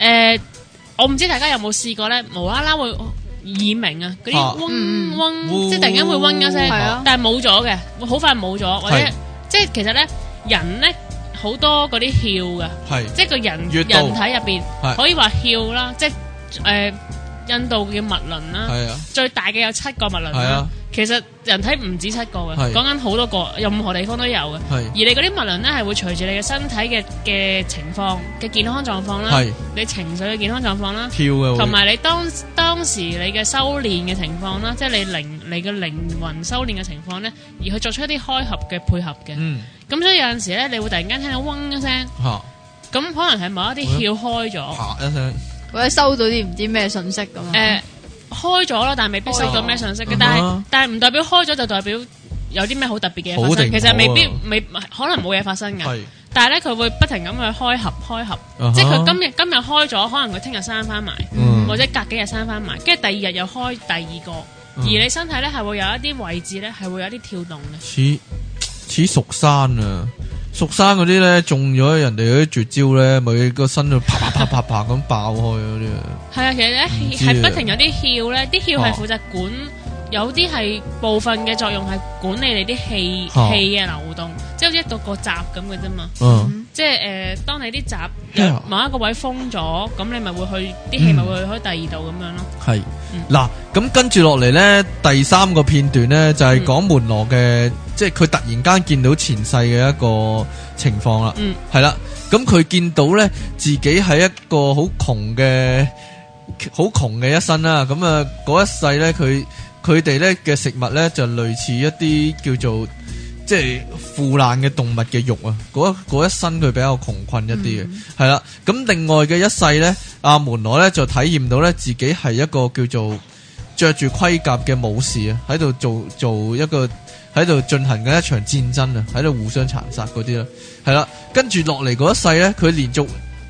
誒、呃，我唔知大家有冇試過咧，無啦啦會耳鳴啊，嗰啲嗡嗡，嗯、嗡即係突然間會嗡一聲，啊、但係冇咗嘅，會好快冇咗，是或者即係其實咧，人咧好多嗰啲竅嘅，即係個人人體入邊可以話竅啦，即係誒印度嘅脈輪啦，啊、最大嘅有七個脈輪啦。其實人體唔止七個嘅，講緊好多個，任何地方都有嘅。是而你嗰啲脈輪咧係會隨住你嘅身體嘅嘅情況嘅健康狀況啦，是你情緒嘅健康狀況啦，同埋你當當時你嘅修煉嘅情況啦，即、就、係、是、你靈你嘅靈魂修煉嘅情況咧，而去作出一啲開合嘅配合嘅。咁、嗯、所以有陣時咧，你會突然間聽到嗡一聲，咁、啊、可能係某一啲竅開咗，或者收到啲唔知咩信息咁。嗯呃開咗啦，但係未必收到咩信息嘅。但係但係唔代表開咗就代表有啲咩好特別嘅嘢發生。啊、其實未必未可能冇嘢發生嘅。是但係咧佢會不停咁去開合開合，開合啊、即係佢今日今日開咗，可能佢聽日閂翻埋，嗯、或者隔幾日閂翻埋，跟住第二日又開第二個。而你身體咧係會有一啲位置咧係會有一啲跳動嘅。似似熟山啊！熟生嗰啲咧中咗人哋嗰啲絕招咧，咪個身就啪啪啪啪啪咁爆開嗰啲啊！係啊，其實咧係不，不停有啲竅咧，啲竅係負責管，有啲係部分嘅作用係管理你啲氣氣嘅流動。一到個閘咁嘅啫嘛，uh huh. 即係誒、呃，當你啲閘某一個位封咗，咁 Yeah. 你咪會去啲戲咪會去開第二度咁、mm. 樣咯。係、嗯，嗱是，咁跟住落嚟咧，第三個片段咧就係、是、講門羅嘅，mm. 即係佢突然間見到前世嘅一個情況、mm. 啦。係啦，咁佢見到咧自己係一個好窮嘅，好窮嘅一生啦。咁啊，嗰一世咧，佢佢哋咧嘅食物咧就類似一啲叫做。叫做叫做叫做即係腐爛嘅動物嘅肉啊！嗰一一生佢比較窮困一啲嘅，係啦、嗯。咁另外嘅一世呢，阿、啊、門羅呢就體驗到呢，自己係一個叫做着住盔甲嘅武士啊，喺度做做一個喺度進行緊一場戰爭啊，喺度互相殘殺嗰啲啦，係啦。跟住落嚟嗰一世呢，佢連續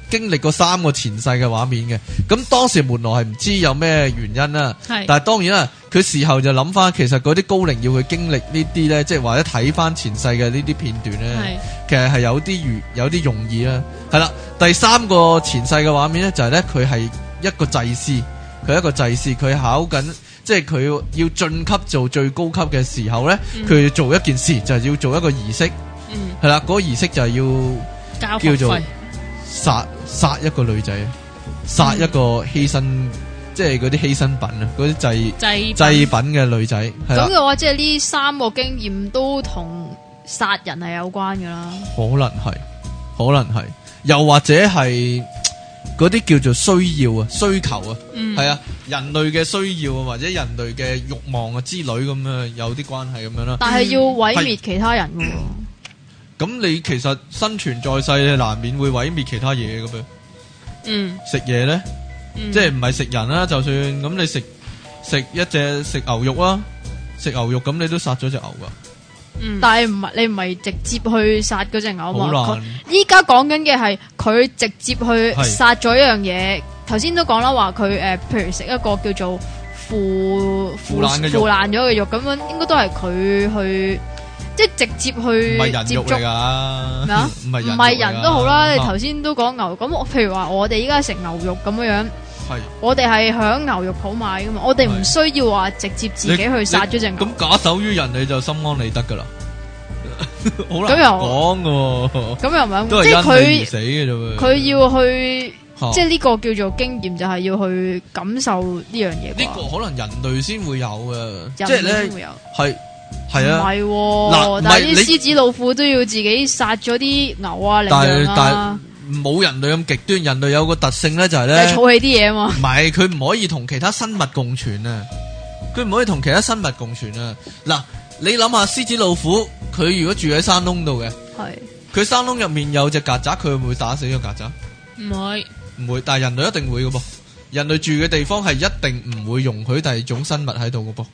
經歷過三個前世嘅畫面嘅。咁當時門羅係唔知有咩原因啊，是但係當然啦。佢事後就諗翻，其實嗰啲高靈要佢經歷呢啲呢，即係或者睇翻前世嘅呢啲片段呢，是其實係有啲如有啲容易啦、啊。係啦，第三個前世嘅畫面呢，就係、是、呢，佢係一個祭司，佢一個祭司，佢考緊，即係佢要晉級做最高級嘅時候呢，佢、嗯、要做一件事，就係、是、要做一個儀式，係啦、嗯，嗰、那個儀式就係要叫做殺殺一個女仔，殺一個犧牲。嗯即係嗰啲犧牲品，品，品啊，嗰啲製製品嘅女仔。咁嘅話，即係呢三個經驗都同殺人係有關噶啦。可能係，可能係，又或者係嗰啲叫做需要啊、需求啊，係、嗯、啊，人類嘅需要啊，或者人類嘅慾望啊之類咁樣，有啲關係咁樣啦。但係要毀滅其他人噶喎。咁、嗯、 你其實生存在世，你難免會毀滅其他嘢噶咩？嗯，食嘢咧。嗯、即係唔係食人啦、啊，就算咁你食食一隻食牛肉啦，食牛肉咁、啊、你都殺咗隻牛噶、啊。嗯，但係唔係你唔係直接去殺嗰隻牛嘛？依家講緊嘅係佢直接去殺咗一樣嘢。頭先是都講啦，話佢誒，譬如食一個叫做腐腐爛腐爛咗嘅肉，咁樣應該都係佢去。即係直接去接觸嚟噶，咩啊？唔係人唔係人都好啦。你頭先都講牛，咁我譬如話我哋依家食牛肉咁樣樣，我哋係響牛肉鋪買噶嘛？我哋唔需要話直接自己去殺咗隻牛。咁假手於人，你就心安理得噶啦。好難講噶。咁又唔係，即係佢佢。佢要去，即係呢個叫做經驗，就係要去感受呢樣嘢。呢個可能人類先會有嘅，即係咧係。係啊，嗱、哦，但係啲獅子老虎都要自己殺咗啲牛啊嚟但嘛，冇、啊、人類咁極端，人類有個特性咧就係、係、咧，儲起啲嘢啊嘛，唔係佢唔可以同其他生物共存啊，佢唔可以同其他生物共存啊。嗱，你諗下獅子老虎，佢如果住喺山窿度嘅，係係，佢山窿入面有隻曱甴，佢會唔會打死隻曱甴？唔會係，唔會，但係人類一定會噶噃，人類住嘅地方係一定唔會容許第二種生物喺度噶噃。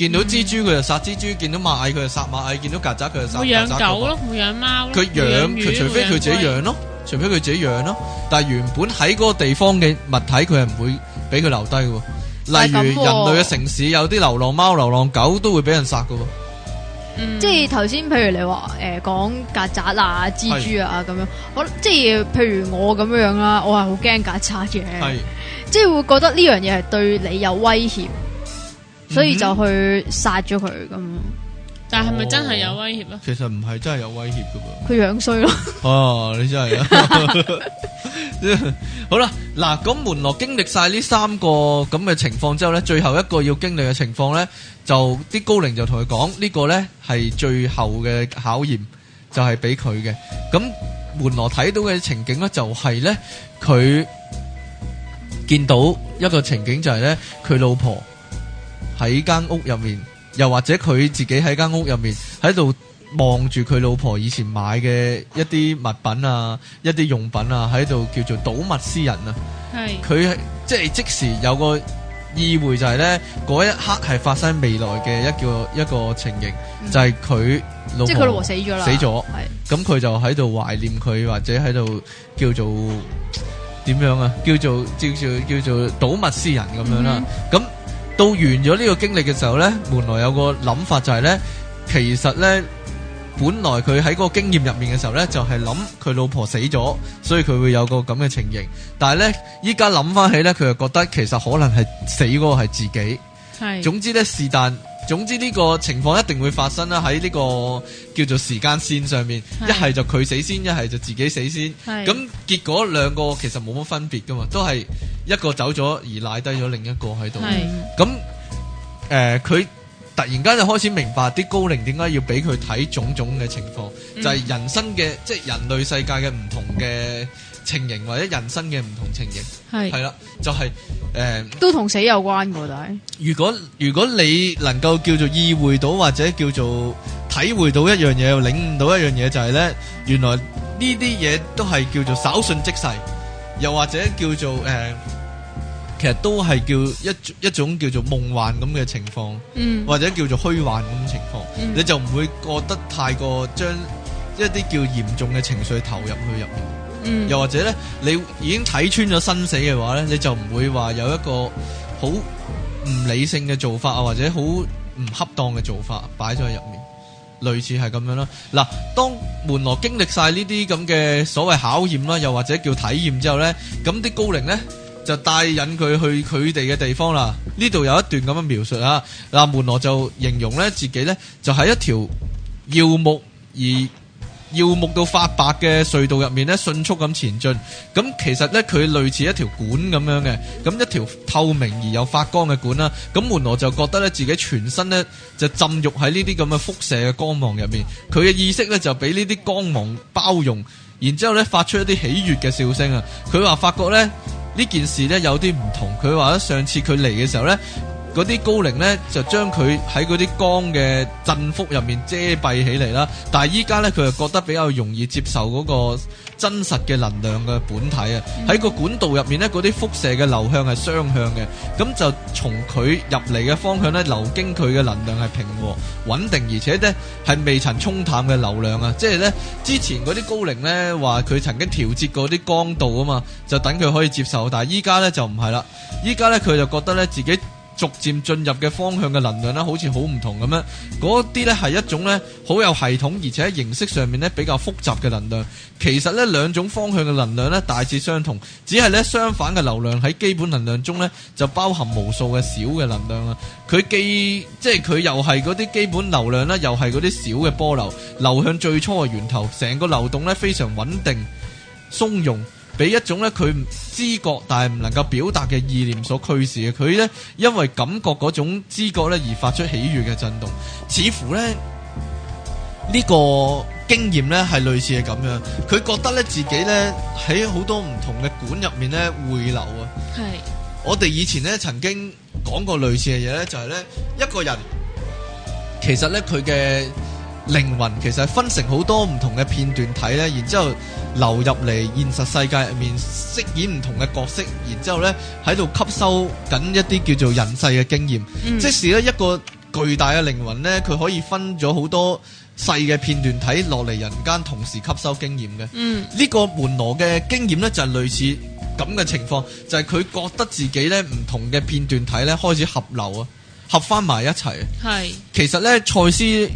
見到蜘蛛佢就殺蜘蛛，見到螞蟻佢就殺螞蟻，見到曱甴佢就殺曱甴。佢養狗咯，佢養貓咯。佢養佢，除非佢自己養咯，除非佢自己養咯。但係原本喺嗰個地方嘅物體，佢係唔會俾佢留低嘅。例如人類嘅城市，啊，城市有啲流浪貓、流浪狗都會俾人殺嘅。嗯，即係頭先譬如你話誒，講曱甴啊、蜘蛛啊咁是樣，好即係譬如我咁樣啦，我係好驚曱甴嘅，係即係會覺得呢樣嘢係對你有威脅。所以就去殺咗佢咁，但係咪真係有威脅咧？其實唔係真係有威脅噶噃。佢樣衰咯。啊，你真係啊！好啦，嗱，咁門羅經歷晒呢三個咁嘅情況之後咧，最後一個要經歷嘅情況咧，就啲高靈就同佢講，呢個咧係最後嘅考驗，就係俾佢嘅。咁門羅睇到嘅情景咧，就係咧佢見到一個情景就係咧佢老婆。喺間屋入面，又或者佢自己喺間屋入面，喺度望住佢老婆以前買嘅一啲物品啊，一啲用品啊，喺度叫做睹物思人啊。係佢即係即時有個意會，就係咧嗰一刻係發生未來嘅一個一個情形，就係佢老即係佢老婆死咗啦，死咗。係咁佢就喺度懷念佢，或者喺度叫做點樣啊？叫做叫做叫做睹物思人咁樣啦。咁到完咗呢個經歷嘅時候呢，門羅有個諗法就係呢。其實呢，本來佢喺嗰個經驗入面嘅時候呢，就係諗佢老婆死咗，所以佢會有個咁嘅情形。但係呢，依家諗翻起呢，佢又覺得其實可能係死嗰個係自己。係是，總之呢，是但。總之呢個情況一定會發生啦，喺呢個叫做時間線上面，一係是就佢死先，一係就自己死先。咁是結果兩個其實冇乜分別噶嘛，都係一個走咗而賴低咗另一個喺度。咁誒是，佢、呃、突然間就開始明白啲高靈點解要俾佢睇種種嘅情況，就係、是、人生嘅即係人類世界嘅唔同嘅。情形或者人生嘅唔同情形，係係啦，就係、是、誒，呃、都同死有關嘅，但係如果如果你能夠叫做意會到或者叫做體會到一樣嘢，領悟到一樣嘢，就係、是、咧，原來呢啲嘢都係叫做稍瞬即逝，又或者叫做誒、呃，其實都係叫一種一種叫做夢幻咁嘅情況，嗯，或者叫做虛幻咁情況，嗯、你就唔會覺得太過將一啲叫嚴重嘅情緒投入去入面。嗯、又或者咧，你已經睇穿咗生死嘅話咧，你就唔會話有一個好唔理性嘅做法啊，或者好唔恰當嘅做法擺咗喺入面，類似係咁樣啦。嗱，當門羅經歷晒呢啲咁嘅所謂考驗啦，又或者叫體驗之後咧，咁啲高靈咧就帶引佢去佢哋嘅地方啦。呢度有一段咁嘅描述吓，嗱，門羅就形容咧自己咧就係一條耀目而。耀目到發白嘅隧道入面咧，迅速咁前進。咁其實咧，佢類似一條管咁樣嘅，咁一條透明而又發光嘅管啦。咁門羅就覺得咧，自己全身咧就浸浴喺呢啲咁嘅輻射嘅光芒入面。佢嘅意識咧就俾呢啲光芒包容，然之後咧發出一啲喜悅嘅笑聲啊！佢話發覺咧呢件事咧有啲唔同。佢話上次佢嚟嘅時候咧。嗰啲高靈呢，就將佢喺嗰啲光嘅振幅入面遮蔽起嚟啦。但係依家呢，佢就覺得比較容易接受嗰個真實嘅能量嘅本體啊。喺、嗯、個管道入面呢，嗰啲輻射嘅流向係雙向嘅，咁就從佢入嚟嘅方向呢，流經佢嘅能量係平和穩定，而且呢係未曾沖淡嘅流量啊。即係呢，之前嗰啲高靈呢，話佢曾經調節過嗰啲光度啊嘛，就等佢可以接受，但係依家呢，就唔係啦。依家呢，佢就覺得呢自己。逐漸進入嘅方向嘅能量咧，好似好唔同咁樣，嗰啲咧係一種咧好有系統，而且形式上面咧比較複雜嘅能量。其實咧兩種方向嘅能量咧大致相同，只係咧相反嘅流量，喺基本能量中咧就包含無數嘅小嘅能量啦。佢既即係佢又係嗰啲基本流量啦，又係嗰啲小嘅波流，流向最初嘅源頭，成個流動咧非常穩定鬆容。俾一種咧佢唔知覺，但係唔能夠表達嘅意念所驅使嘅，佢咧因為感覺嗰種知覺咧而發出喜悅嘅震動，似乎咧呢個經驗咧係類似係咁樣，佢覺得咧自己咧喺好多唔同嘅管入面咧匯流啊。係，我哋以前咧曾經講過類似嘅嘢咧，就係咧一個人其實咧佢嘅。靈魂其實分成好多唔同嘅片段體咧，然之後流入嚟現實世界入面飾演唔同嘅角色，然之後呢，喺度吸收緊一啲叫做人世嘅經驗。嗯、即係咧一個巨大嘅靈魂呢佢可以分咗好多細嘅片段體落嚟人間，同時吸收經驗嘅。呢、嗯、個門羅嘅經驗呢，就係、是、類似咁嘅情況，就係、是、佢覺得自己呢唔同嘅片段體呢開始合流啊，合翻埋一齊。係是其實呢，賽斯。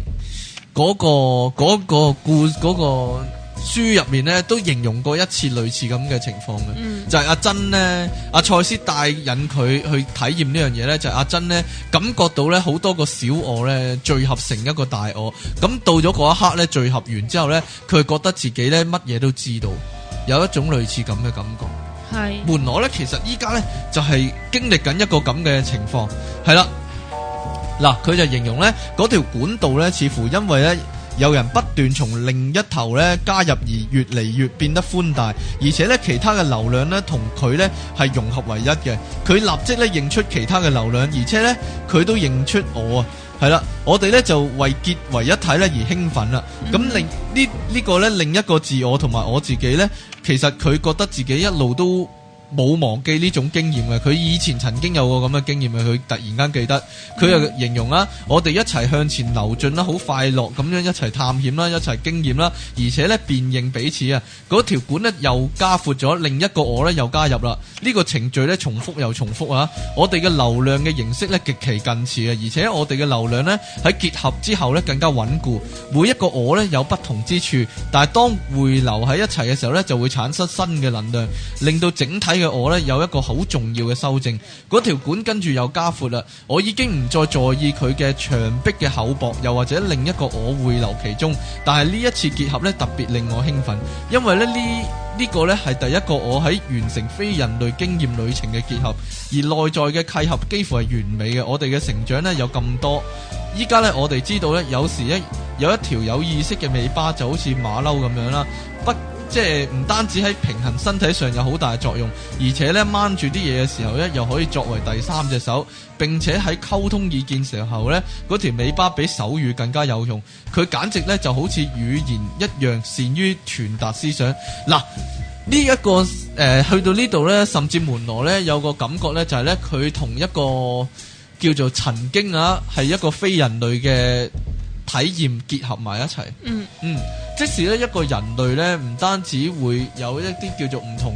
嗰、那個那個故嗰、那個書入面咧，都形容過一次類似咁嘅情況嘅，嗯、就係阿珍呢。阿蔡司帶引佢去體驗呢樣嘢咧，就係、是、阿珍呢感覺到咧好多個小我咧，聚合成一個大我，咁到咗嗰一刻咧，聚合完之後咧，佢覺得自己咧乜嘢都知道，有一種類似咁嘅感覺。係門羅呢，其實依家呢，就係、是、經歷緊一個咁嘅情況，係啦。嗱，佢就形容呢嗰條管道呢，似乎因為呢有人不斷從另一頭呢加入而越嚟越變得寬大，而且呢，其他嘅流量呢，同佢呢係融合為一嘅。佢立即呢認出其他嘅流量，而且呢，佢都認出我啊。係啦，我哋呢就為結為一體呢而興奮啦。咁、嗯、另呢呢、呢個呢，另一個自我同埋我自己呢，其實佢覺得自己一路都冇忘記呢種經驗嘅，佢以前曾經有過咁嘅經驗嘅，佢突然間記得，佢又形容啦，嗯、我哋一齊向前流進啦，好快樂，咁樣一齊探險啦，一齊經驗啦，而且咧辨認彼此啊，條管咧又加闊咗，另一個我咧又加入啦，呢個程序咧重複又重複啊，我哋嘅流量嘅形式咧極其近似啊，而且我哋嘅流量咧喺結合之後咧更加穩固，每一個我咧有不同之處，但係當匯流喺一齊嘅時候咧就會產生新嘅能量，令到整體。呢個我呢，有一個好重要嘅修正，嗰條管跟住又加闊啦。我已經唔再在意佢嘅牆壁嘅厚薄，又或者另一個我匯流其中。但係呢一次結合呢，特別令我興奮，因為呢、這個、呢呢個呢係第一個我喺完成非人類經驗旅程嘅結合，而內在嘅契合幾乎係完美嘅。我哋嘅成長呢，有咁多，依家呢，我哋知道呢，有時有一有一條有意識嘅尾巴就好似馬騮咁樣啦。不即係唔單止喺平衡身體上有好大作用，而且咧掹住啲嘢嘅時候咧，又可以作為第三隻手，並且喺溝通意見時候咧，嗰條尾巴比手語更加有用。佢簡直咧就好似語言一樣，善於傳達思想。嗱，呢、這、一個誒、呃，去到呢度咧，甚至門羅咧有個感覺咧，就係咧佢同一個叫做曾經啊，係一個非人類嘅。體驗結合埋一齊，嗯嗯，即使咧一個人類咧，唔單止會有一啲叫做唔同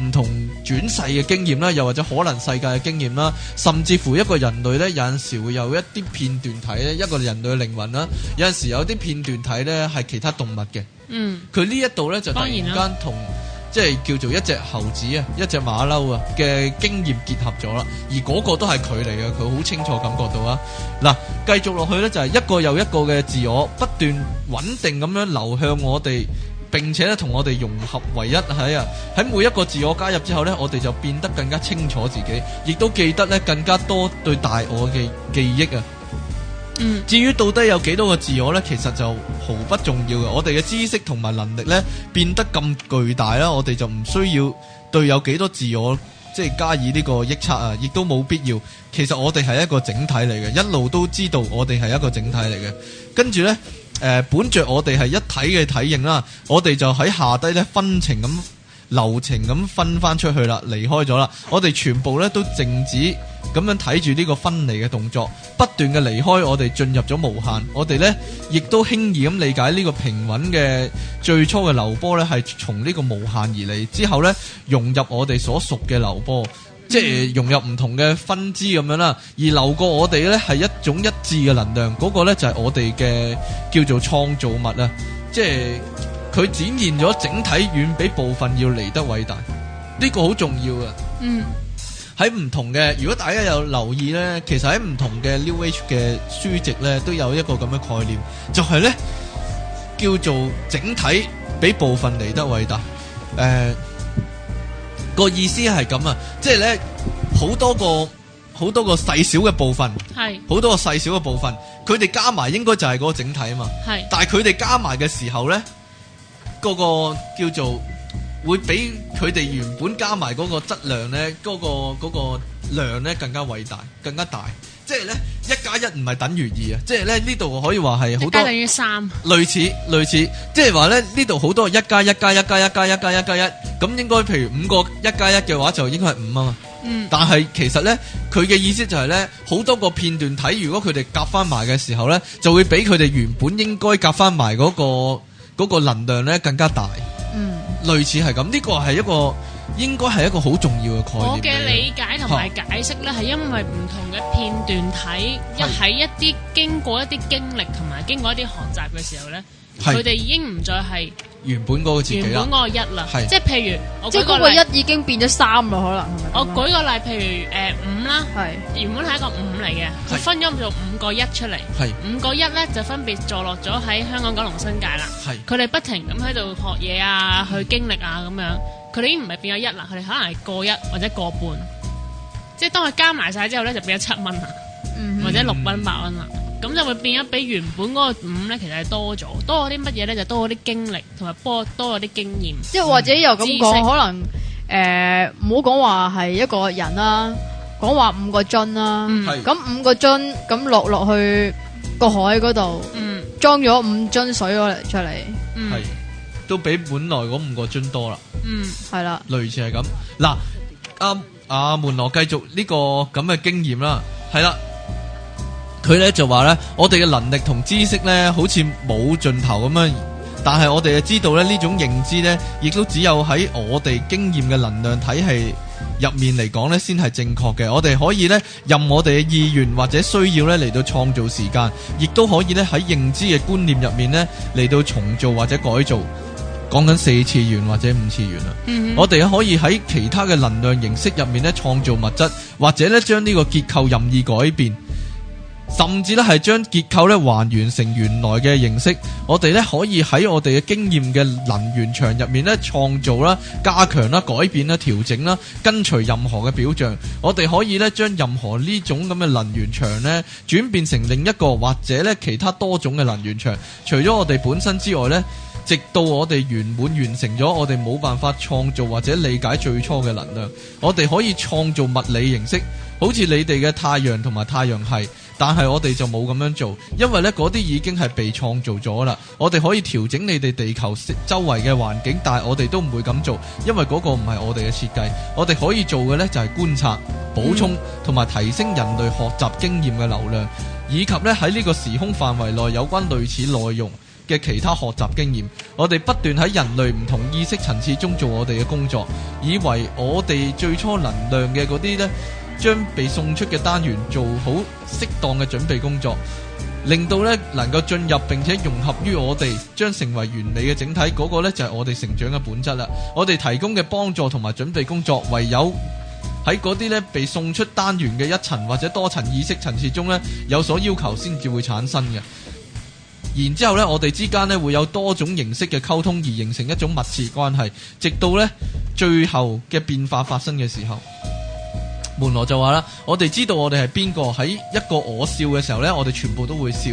唔同轉世嘅經驗啦，又或者可能世界嘅經驗啦，甚至乎一個人類咧有陣時會有一啲片段睇咧一個人類嘅靈魂啦，有陣時有啲片段睇咧係其他動物嘅，嗯，佢呢一度咧就突然間同，即係叫做一隻猴子啊，一隻馬騮啊嘅經驗結合咗啦，而嗰個都係佢嚟嘅，佢好清楚感覺到啊！嗱，繼續落去呢，就係一個又一個嘅自我不斷穩定咁樣流向我哋，並且咧同我哋融合為一喺啊！喺每一個自我加入之後呢，我哋就變得更加清楚自己，亦都記得呢更加多對大我嘅記，記憶啊！嗯，至於到底有幾多個自我呢？其實就毫不重要嘅。我哋嘅知識同埋能力呢，變得咁巨大啦，我哋就唔需要對有幾多自我即係加以呢個臆測啊，亦都冇必要。其實我哋係一個整體嚟嘅，一路都知道我哋係一個整體嚟嘅。跟住呢，誒、呃，本着我哋係一體嘅體型啦，我哋就喺下低呢，分情咁。流程咁分翻出去啦，離開咗啦。我哋全部咧都靜止咁樣睇住呢個分離嘅動作，不斷嘅離開我哋，進入咗無限。我哋呢亦都輕易咁理解呢個平穩嘅最初嘅流波呢，係從呢個無限而嚟。之後呢，融入我哋所屬嘅流波，即係融入唔同嘅分支咁樣啦。而流過我哋呢，係一種一致嘅能量，嗰個咧就係我哋嘅叫做創造物啦，即係。佢展現咗整體遠比部分要嚟得偉大，呢個好重要嘅。嗯，喺唔同嘅，如果大家有留意呢，其實喺唔同嘅 New Age 嘅書籍呢，都有一個咁嘅概念，就係呢，叫做整體比部分嚟得偉大。誒，個意思係咁啊，即係呢，好多個好多個細小嘅部分，係好多個細小嘅部分，佢哋加埋應該就係嗰個整體啊嘛。係，但係佢哋加埋嘅時候呢。嗰個叫做會比佢哋原本加埋嗰個質量呢，嗰、嗰個嗰個量呢更加偉大，更加大。即係呢，一加一唔係等於二啊！即係呢呢度可以話係好多。一加等於三。類似類似，類似，即係話呢呢度好多一加一加一加一加一加一加一，咁應該譬如五個一加一嘅話，就應該係五啊嘛。嗯。但係其實呢，佢嘅意思就係呢，好多個片段睇，如果佢哋夾翻埋嘅時候呢，就會比佢哋原本應該夾翻埋嗰個。嗰個能量咧更加大，嗯，類似係咁，呢個係一個應該係一個好重要嘅概念。我嘅理解同埋解釋咧，係因為唔同嘅片段睇，啊、一喺一啲的經過一啲經歷，同埋經過一啲學習嘅時候咧。佢哋已經唔再係原本嗰個自己啦，原本嗰個一啦，即係譬如，即係嗰個一已經變咗三啦，可能。我舉個例，譬如誒五啦，原本係一個五嚟嘅，佢分咗做五個一出嚟，五個一咧就分別坐落咗喺香港九龍新界啦。佢哋不停咁喺度學嘢啊，去經歷啊咁樣，佢哋已經唔係變咗一啦，佢哋可能係過一或者過半，即係當佢加埋晒之後咧就變咗七蚊啦，或者六蚊八蚊啦。咁就會變咗比原本嗰個五咧，其實係多咗，多咗啲乜嘢咧？就多咗啲經歷，同埋多多咗啲經驗。即係或者又咁講，可能誒，唔好講話係一個人啦，講話五個樽啦，咁五個樽咁落落去個海嗰度，裝咗五個樽水出嚟，係都比本來嗰五個樽多啦。嗯，係啦，類似係咁。嗱，阿阿門羅繼續呢個咁嘅經驗啦，係啦。佢咧就話咧，我哋嘅能力同知識咧，好似冇盡頭咁樣。但係我哋就知道咧，呢種認知咧，亦都只有喺我哋經驗嘅能量體系入面嚟講咧，先係正確嘅。我哋可以咧，任我哋嘅意願或者需要咧，嚟到創造時間，亦都可以咧，喺認知嘅觀念入面咧，嚟到重做或者改造。講緊四次元或者五次元啦，mm hmm. 我哋可以喺其他嘅能量形式入面咧，創造物質，或者咧將呢個結構任意改變。甚至咧，係將結構咧還原成原來嘅形式。我哋咧可以喺我哋嘅經驗嘅能源場入面咧創造啦、加強啦、改變啦、調整啦，跟隨任何嘅表象。我哋可以咧將任何呢種咁嘅能源場咧轉變成另一個或者咧其他多種嘅能源場。除咗我哋本身之外咧，直到我哋圓滿完成咗，我哋冇辦法創造或者理解最初嘅能量。我哋可以創造物理形式，好似你哋嘅太陽同埋太陽系。但係我哋就冇咁樣做，因為呢嗰啲已經係被創造咗啦。我哋可以調整你哋地球周圍嘅環境，但係我哋都唔會咁做，因為嗰個唔係我哋嘅設計。我哋可以做嘅呢，就係觀察、補充同埋提升人類學習經驗嘅流量，以及呢喺呢個時空範圍內有關類似內容嘅其他學習經驗。我哋不斷喺人類唔同意識層次中做我哋嘅工作，以為我哋最初能量嘅嗰啲呢，將被送出嘅單元做好適當嘅準備工作，令到咧能夠進入並且融合於我哋，將成為完美嘅整體。嗰、那個呢就係、是、我哋成長嘅本質啦。我哋提供嘅幫助同埋準備工作，唯有喺嗰啲呢被送出單元嘅一層或者多層意識層次中呢，有所要求，先至會產生嘅。然之後咧，我哋之間呢會有多種形式嘅溝通，而形成一種密切關係，直到呢最後嘅變化發生嘅時候。門羅就話啦，我哋知道我哋係邊個喺一個我笑嘅時候呢，我哋全部都會笑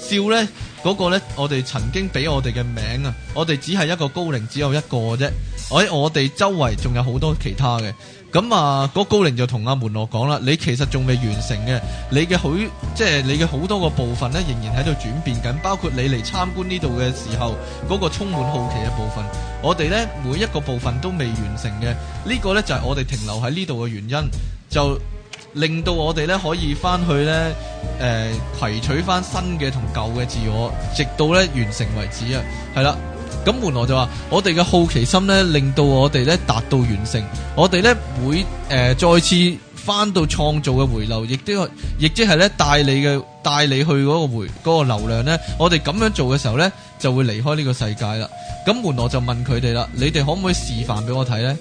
笑呢嗰個呢，我哋曾經俾我哋嘅名啊，我哋只係一個高靈只有一個啫，喺我哋周圍仲有好多其他嘅，咁啊嗰高靈就同阿門羅講啦，你其實仲未完成嘅，你嘅好即係你嘅好多個部分呢，仍然喺度轉變緊，包括你嚟參觀呢度嘅時候，嗰個充滿好奇嘅部分，我哋呢，每一個部分都未完成嘅，呢個呢，就係我哋停留喺呢度嘅原因。就令到我哋咧可以翻去咧，誒、呃，提取翻新嘅同舊嘅自我，直到咧完成為止啊，係啦。咁門羅就話：我哋嘅好奇心咧，令到我哋咧達到完成，我哋咧會誒再次翻到創造嘅回流，亦都，亦即係咧帶你嘅帶你去嗰個回、嗰個流量咧。我哋咁樣做嘅時候咧，就會離開呢個世界啦。咁門羅就問佢哋啦：你哋可唔可以示範俾我睇咧？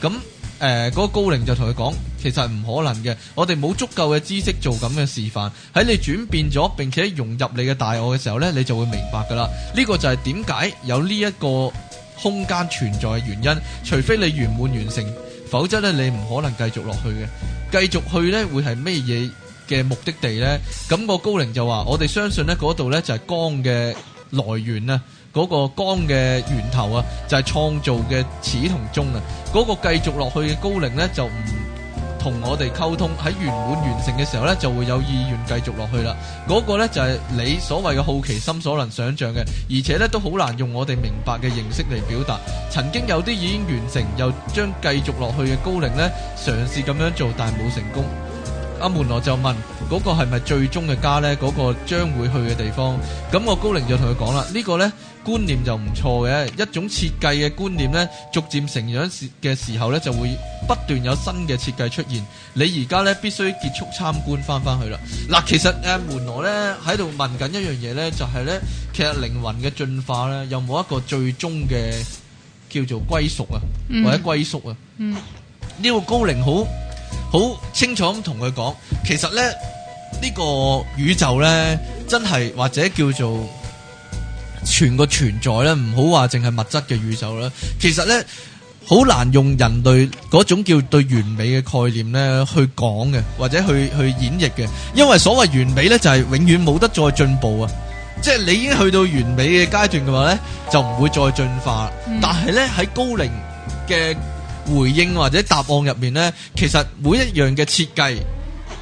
咁誒，嗰、呃嗰個高靈就同佢講。其實唔可能嘅，我哋冇足夠嘅知識做咁嘅示範。喺你轉變咗並且融入你嘅大愛嘅時候呢你就會明白噶啦。呢個就係點解有呢一個空間存在嘅原因。除非你圓滿完成，否則呢你唔可能繼續落去嘅。繼續去呢會係咩嘢嘅目的地呢？噉個高靈就話：我哋相信呢嗰度呢，就係光嘅來源啊，嗰個光嘅源頭啊，就係創造嘅始同終啊。嗰個繼續落去嘅高靈呢，就唔。同我哋溝通喺圓滿完成嘅時候呢，就會有意願繼續落去啦。嗰個呢，就係你所謂嘅好奇心所能想象嘅，而且呢，都好難用我哋明白嘅形式嚟表達。曾經有啲已經完成又將繼續落去嘅高齡呢，嘗試咁樣做，但係冇成功。阿門羅就問：嗰個係咪最終嘅家呢？嗰個將會去嘅地方？咁我高齡就同佢講啦：呢個呢。觀念就唔錯嘅一種設計嘅觀念咧，逐漸成長嘅時候咧，就會不斷有新嘅設計出現。你而家咧，必須結束參觀，翻翻去啦。嗱，其實誒門羅咧喺度問緊一樣嘢咧，就係咧，其實靈魂嘅進化咧，有冇一個最終嘅叫做歸屬啊，或者歸宿啊？嗯，呢個高靈好好清楚咁同佢講，其實咧呢個宇宙咧真係或者叫做。全個存在咧，唔好話淨係物質嘅宇宙啦。其實咧，好難用人類嗰種叫對完美嘅概念咧去講嘅，或者去去演繹嘅。因為所謂完美咧，就係永遠冇得再進步啊！即係你已經去到完美嘅階段嘅話咧，就唔會再進化。但係咧喺高靈嘅回應或者答案入面咧，其實每一樣嘅設計。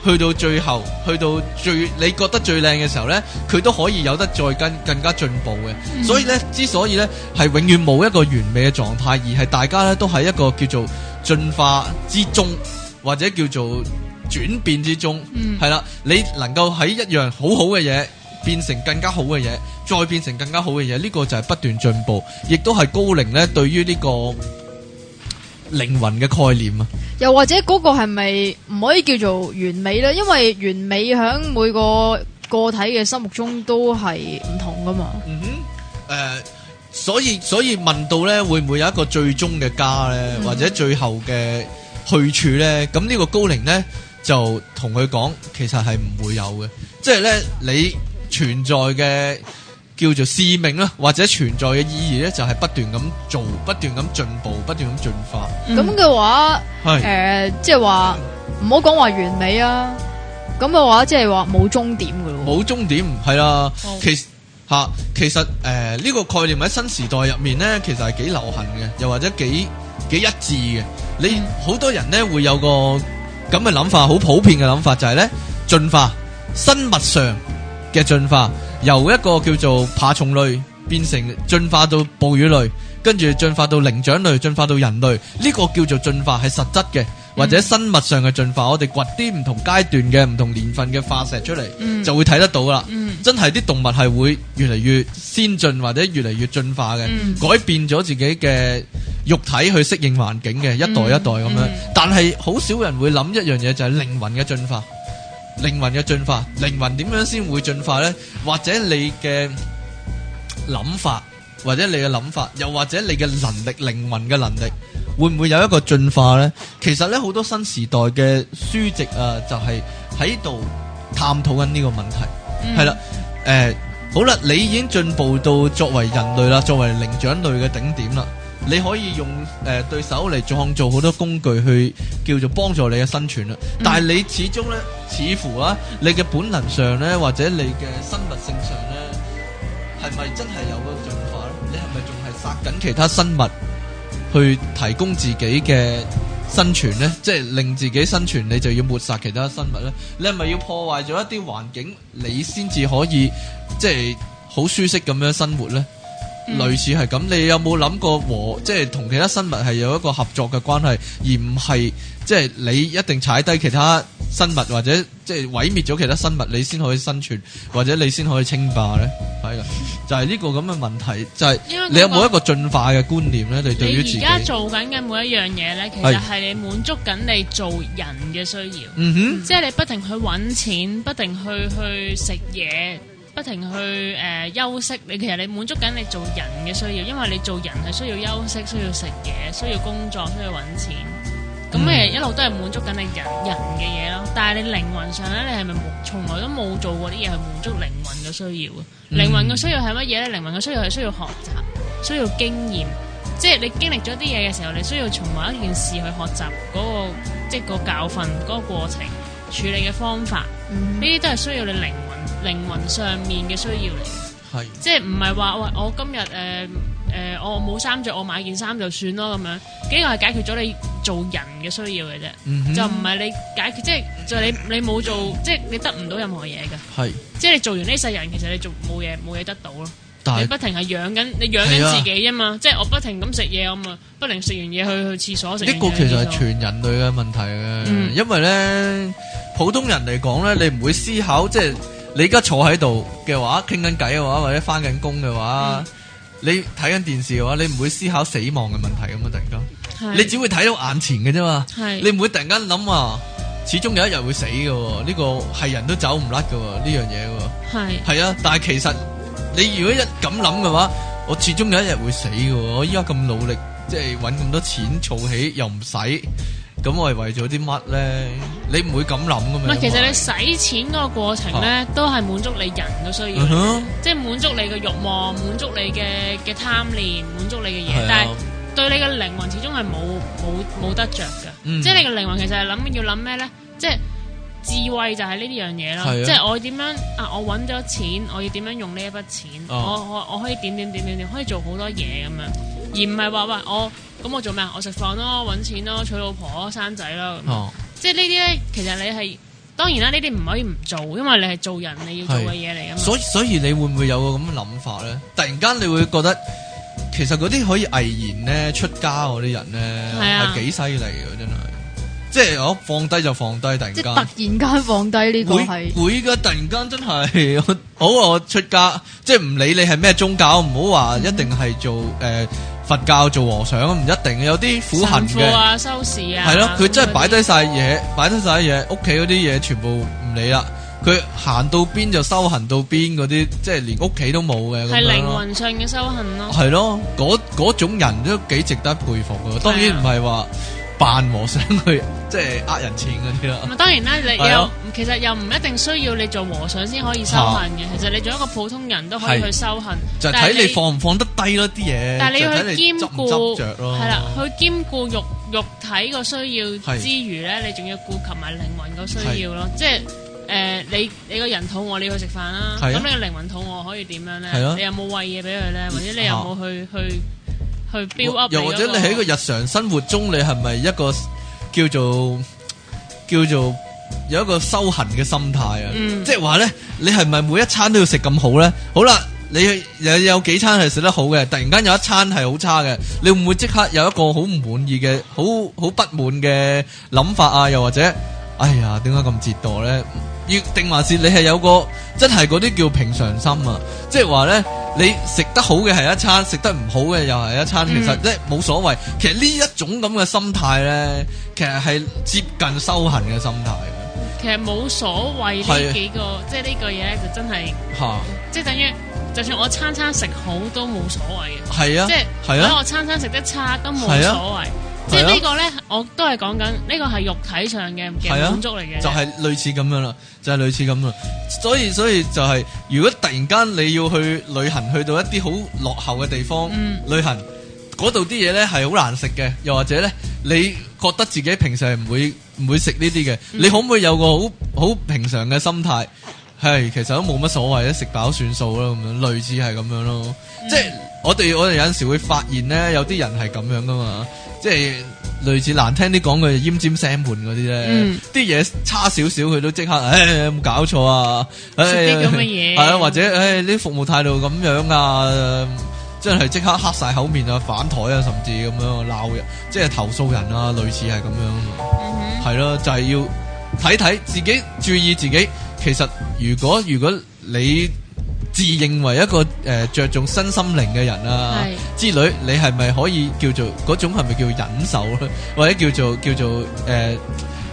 去到最後，去到最你覺得最靚嘅時候呢，佢都可以有得再跟更，更加進步嘅，嗯、所以呢，之所以呢係永遠冇一個完美嘅狀態，而係大家呢都係一個叫做進化之中，或者叫做轉變之中，係啦、嗯，你能夠喺一樣好好嘅嘢變成更加好嘅嘢，再變成更加好嘅嘢，呢個就係不斷進步，亦都係高靈呢對於呢個。靈魂嘅概念啊，又或者嗰個係咪唔可以叫做完美咧？因為完美喺每個個體嘅心目中都係唔同噶嘛。嗯哼，誒、呃，所以所以問到咧，會唔會有一個最終嘅家咧，或者最後嘅去處咧？咁呢、嗯、個高靈咧就同佢講，其實係唔會有嘅，即係咧你存在嘅。叫做使命啦，或者存在嘅意義咧，就係、是、不斷咁做，不斷咁進步，不斷咁進化。咁嘅、嗯、話，係誒是，即係話唔好講話完美啊。咁嘅話，即係話冇終點㗎喇。冇終點，係啦。嗯、其嚇、啊、其實誒呢、呃呢個概念喺新時代入面咧，其實係幾流行嘅，又或者幾幾一致嘅。你好、嗯、多人咧會有個咁嘅諗法，好普遍嘅諗法就係、是、咧進化，生物上嘅進化。由一個叫做爬蟲類變成進化到哺乳類，跟住進化到靈長類，進化到人類。呢個叫做進化係實質嘅，或者生物上嘅進化。嗯、我哋掘啲唔同階段嘅唔同年份嘅化石出嚟，就會睇得到啦。嗯、真係啲動物係會越嚟越先進或者越嚟越進化嘅，嗯、改變咗自己嘅肉體去適應環境嘅、嗯、一代一代咁樣。嗯嗯、但係好少人會諗一樣嘢就係靈魂嘅進化。靈魂嘅進化，靈魂點樣先會進化呢？或者你嘅諗法，或者你嘅諗法，又或者你嘅能力，靈魂嘅能力，會唔會有一個進化呢？其實呢，好多新時代嘅書籍啊，就係喺度探討緊呢個問題。係啦、嗯，誒、呃，好啦，你已經進步到作為人類啦，作為靈長類嘅頂點啦。你可以用誒、呃、對手嚟創造好多工具去叫做幫助你嘅生存啦，嗯、但係你始終呢，似乎啊，你嘅本能上呢，或者你嘅生物性上呢，係咪真係有個進化呢？你係咪仲係殺緊其他生物去提供自己嘅生存呢？即係令自己生存，你就要抹殺其他生物呢？你係咪要破壞咗一啲環境，你先至可以即係好舒適咁樣生活呢？類似係咁，你有冇諗過和即係同其他生物係有一個合作嘅關係，而唔係即係你一定踩低其他生物或者即係毀滅咗其他生物，你先可以生存，或者你先可以稱霸呢？係喇，就係、是、呢個咁嘅問題，就係、是那個、你有冇一個進化嘅觀念呢？你對於自己，而家做緊嘅每一樣嘢呢，其實係你滿足緊你做人嘅需要。的即係你不停去搵錢，不停去去食嘢。不停去誒、呃、休息，你其實你滿足緊你做人嘅需要，因為你做人係需要休息、需要食嘢、需要工作、需要揾錢，咁誒、嗯、一路都係滿足緊你人人嘅嘢咯。但係你靈魂上咧，你係咪從來都冇做過啲嘢去滿足靈魂嘅需要嘅？嗯、靈魂嘅需要係乜嘢咧？靈魂嘅需要係需要學習，需要經驗，即係你經歷咗啲嘢嘅時候，你需要從某一件事去學習、嗰個、即係、即係、個教訓、嗰個過程、處理嘅方法，呢啲、嗯、都係需要你靈。靈魂上面嘅需要嚟，係即係唔係話喂，我今日誒誒，我冇衫着，我買件衫就算咯咁樣，呢個係解決咗你做人嘅需要嘅啫，就唔係你解決，即係就係你你冇做，即係你得唔到任何嘢嘅，係即係你做完呢世人，其實你做冇嘢冇嘢得到咯，但係你不停係養緊，你養緊自己啊嘛，即係我不停咁食嘢，我咪不停食完嘢去去廁所食。呢個其實係全人類嘅問題嘅，因為咧普通人嚟講咧，你唔會思考即係。你而家坐喺度嘅話，傾緊偈嘅話，或者翻緊工嘅話，你睇緊電視嘅話，你唔會思考死亡嘅問題咁啊！突然間，是你只會睇到眼前嘅啫嘛。是你唔會突然間諗啊，始終有一日會死嘅，呢個係人都走唔甩嘅呢樣嘢喎。係是啊，但係其實你如果一咁諗嘅話，我始終有一日會死嘅。我依家咁努力，即係揾咁多錢儲起，又唔使。咁我係為咗啲乜咧？你唔會咁諗噶咩？其實你使錢嗰個過程咧，都係滿足你人都需要，即係滿足你嘅欲望，滿足你嘅嘅貪念，滿足你嘅嘢。Yeah. 但係對你嘅靈魂始終係冇冇冇得着嘅，即係、mm. 你嘅靈魂其實係諗要諗咩咧？即、就、係、是、智慧就係呢啲樣嘢啦。即係我點樣啊？我揾咗錢，我要點樣用呢一筆錢？Uh. 我我我可以點點點點點可以做好多嘢咁樣。而唔係話，喂我咁我做咩啊？我食飯咯，搵錢咯，娶老婆，生仔咯。嗯、即係呢啲咧，其實你係當然啦，呢啲唔可以唔做，因為你係做人你要做嘅嘢嚟啊。是所以所以你會唔會有個咁嘅諗法咧？突然間你會覺得其實嗰啲可以毅然咧出家嗰啲人咧係幾犀利嘅，真係即係我放低就放低，突然間突然間放低呢個係會噶，突然間真係好我出家，即係唔理你係咩宗教，唔好話一定係做誒。呃佛教做和尚，唔一定，有啲苦行嘅，神父啊，修士啊。係咯，佢真係擺低晒嘢，擺低晒嘢，屋企嗰啲嘢全部唔理啦。佢行到邊就修行到邊，嗰啲即係連屋企都冇嘅。係靈魂上嘅修行咯。係咯，嗰嗰種人都幾值得佩服㗎。當然唔係話。扮和尚去，即係呃人錢嗰啲咯。咁啊，當然啦，你又其實又唔一定需要你做和尚先可以修行嘅。其實你做一個普通人都可以去修行，就睇你放唔放得低咯啲嘢。但係你要去兼顧着，係啦，去兼顧肉肉體個需要之餘咧，你仲要顧及埋靈魂個需要咯。即係誒，你你個人肚餓，你要去食飯啦。咁你個靈魂肚餓，可以點樣咧？你有冇餵嘢俾佢咧？或者你有冇去去？去，又或者你喺一個日常生活中，你係咪一個叫做叫做有一個修行嘅心態啊？即係話呢，你係咪每一餐都要食咁好呢？好啦，你有有幾餐係食得好嘅，突然間有一餐係好差嘅，你會唔會即刻有一個好唔滿意嘅好好不滿嘅諗法啊？又或者，哎呀，點解咁折墮呢？定還是你係有個真係嗰啲叫平常心啊！即係話咧，你食得好嘅係一餐，食得唔好嘅又係一餐、嗯，其實即係冇所謂。其實呢一種咁嘅心態咧，其實係接近修行嘅心態。其實冇所謂呢、啊、幾個，啊、即係呢個嘢就真係，即係等於就算我餐餐食好都冇所謂嘅，係啊，即係是，係、啊、我餐餐食得差都冇所謂。即係呢個呢，啊、我都係講緊呢個係肉體上嘅唔嘅滿足嚟嘅、啊，就係、是、類似咁樣啦，就係、是、類似咁啦。所以所以就係、是，如果突然間你要去旅行，去到一啲好落後嘅地方、嗯、旅行，嗰度啲嘢呢係好難食嘅，又或者呢，你覺得自己平時係唔會唔會食呢啲嘅，嗯、你可唔可以有個好好平常嘅心態？係，其實都冇乜所謂，食飽算數啦咁樣，類似係咁樣咯。嗯、即係我哋我哋有陣時會發現咧，有啲人係咁樣噶嘛。即係類似難聽啲講，嘅佢就奄尖聲盤嗰啲咧。啲嘢差少少，佢都即刻，誒、哎，有冇搞錯啊？食啲咁嘅嘢。係啊、哎，或者誒，啲、哎、服務態度咁樣啊，真係即刻黑晒口面啊，反台啊，甚至咁樣鬧人，即係投訴人啊，類似係咁樣。嗯哼。係咯，就係、是、要睇睇自己，注意自己。其實如果如果你自認為一個誒、呃、着重身心靈嘅人啊是之類，你係咪可以叫做嗰種係咪叫忍受咧，或者叫做叫做誒、呃、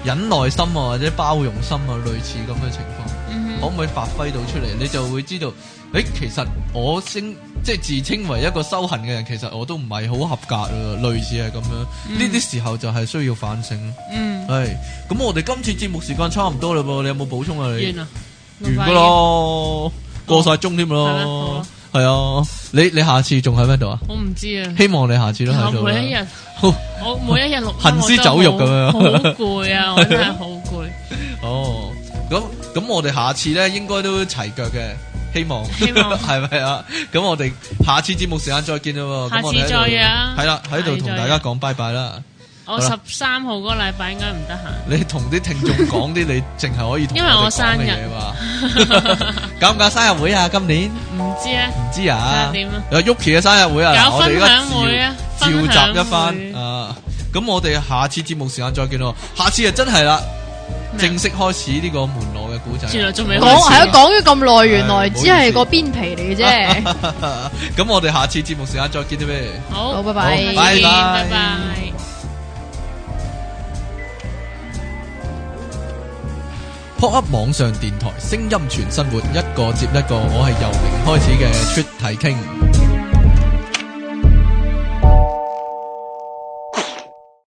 忍耐心啊，或者包容心啊，類似咁嘅情況，mm hmm. 可唔可以發揮到出嚟？你就會知道。誒，其實我稱即係自稱為一個修行嘅人，其實我都唔係好合格咯，類似係咁樣。呢啲時候就係需要反省。嗯，係。咁我哋今次節目時間差唔多啦噃，你有冇補充啊？完啦，完噶咯，過晒鐘添咯，係啊。你你下次仲喺邊度啊？我唔知啊。希望你下次都喺度。每一日，我每一日行屍走肉咁樣。好攰啊！我真係好攰。哦，咁。咁我哋下次咧，應該都齊腳嘅，希望，係咪啊？咁我哋下次節目時間再見咯，下次再啊，係啦，喺度同大家講拜拜啦。我十三號嗰個禮拜應該唔得閒。你同啲聽眾講啲你淨係可以，因為我生日嘛，搞唔搞生日會啊？今年唔知咧，唔知啊，點啊？有 Yuki 嘅生日會啊，我哋依家召集一番啊！咁我哋下次節目時間再見咯，下次啊，真係啦。正式開始呢個門羅嘅古仔。講係啊講咗咁耐，原來只係個邊皮嚟嘅啫。咁我哋下次節目時間再見，啲咩好？好，拜拜，拜拜，拜拜。拜拜撲噏網上電台，聲音傳生活， 一個接一個，我係由零開始嘅出體傾。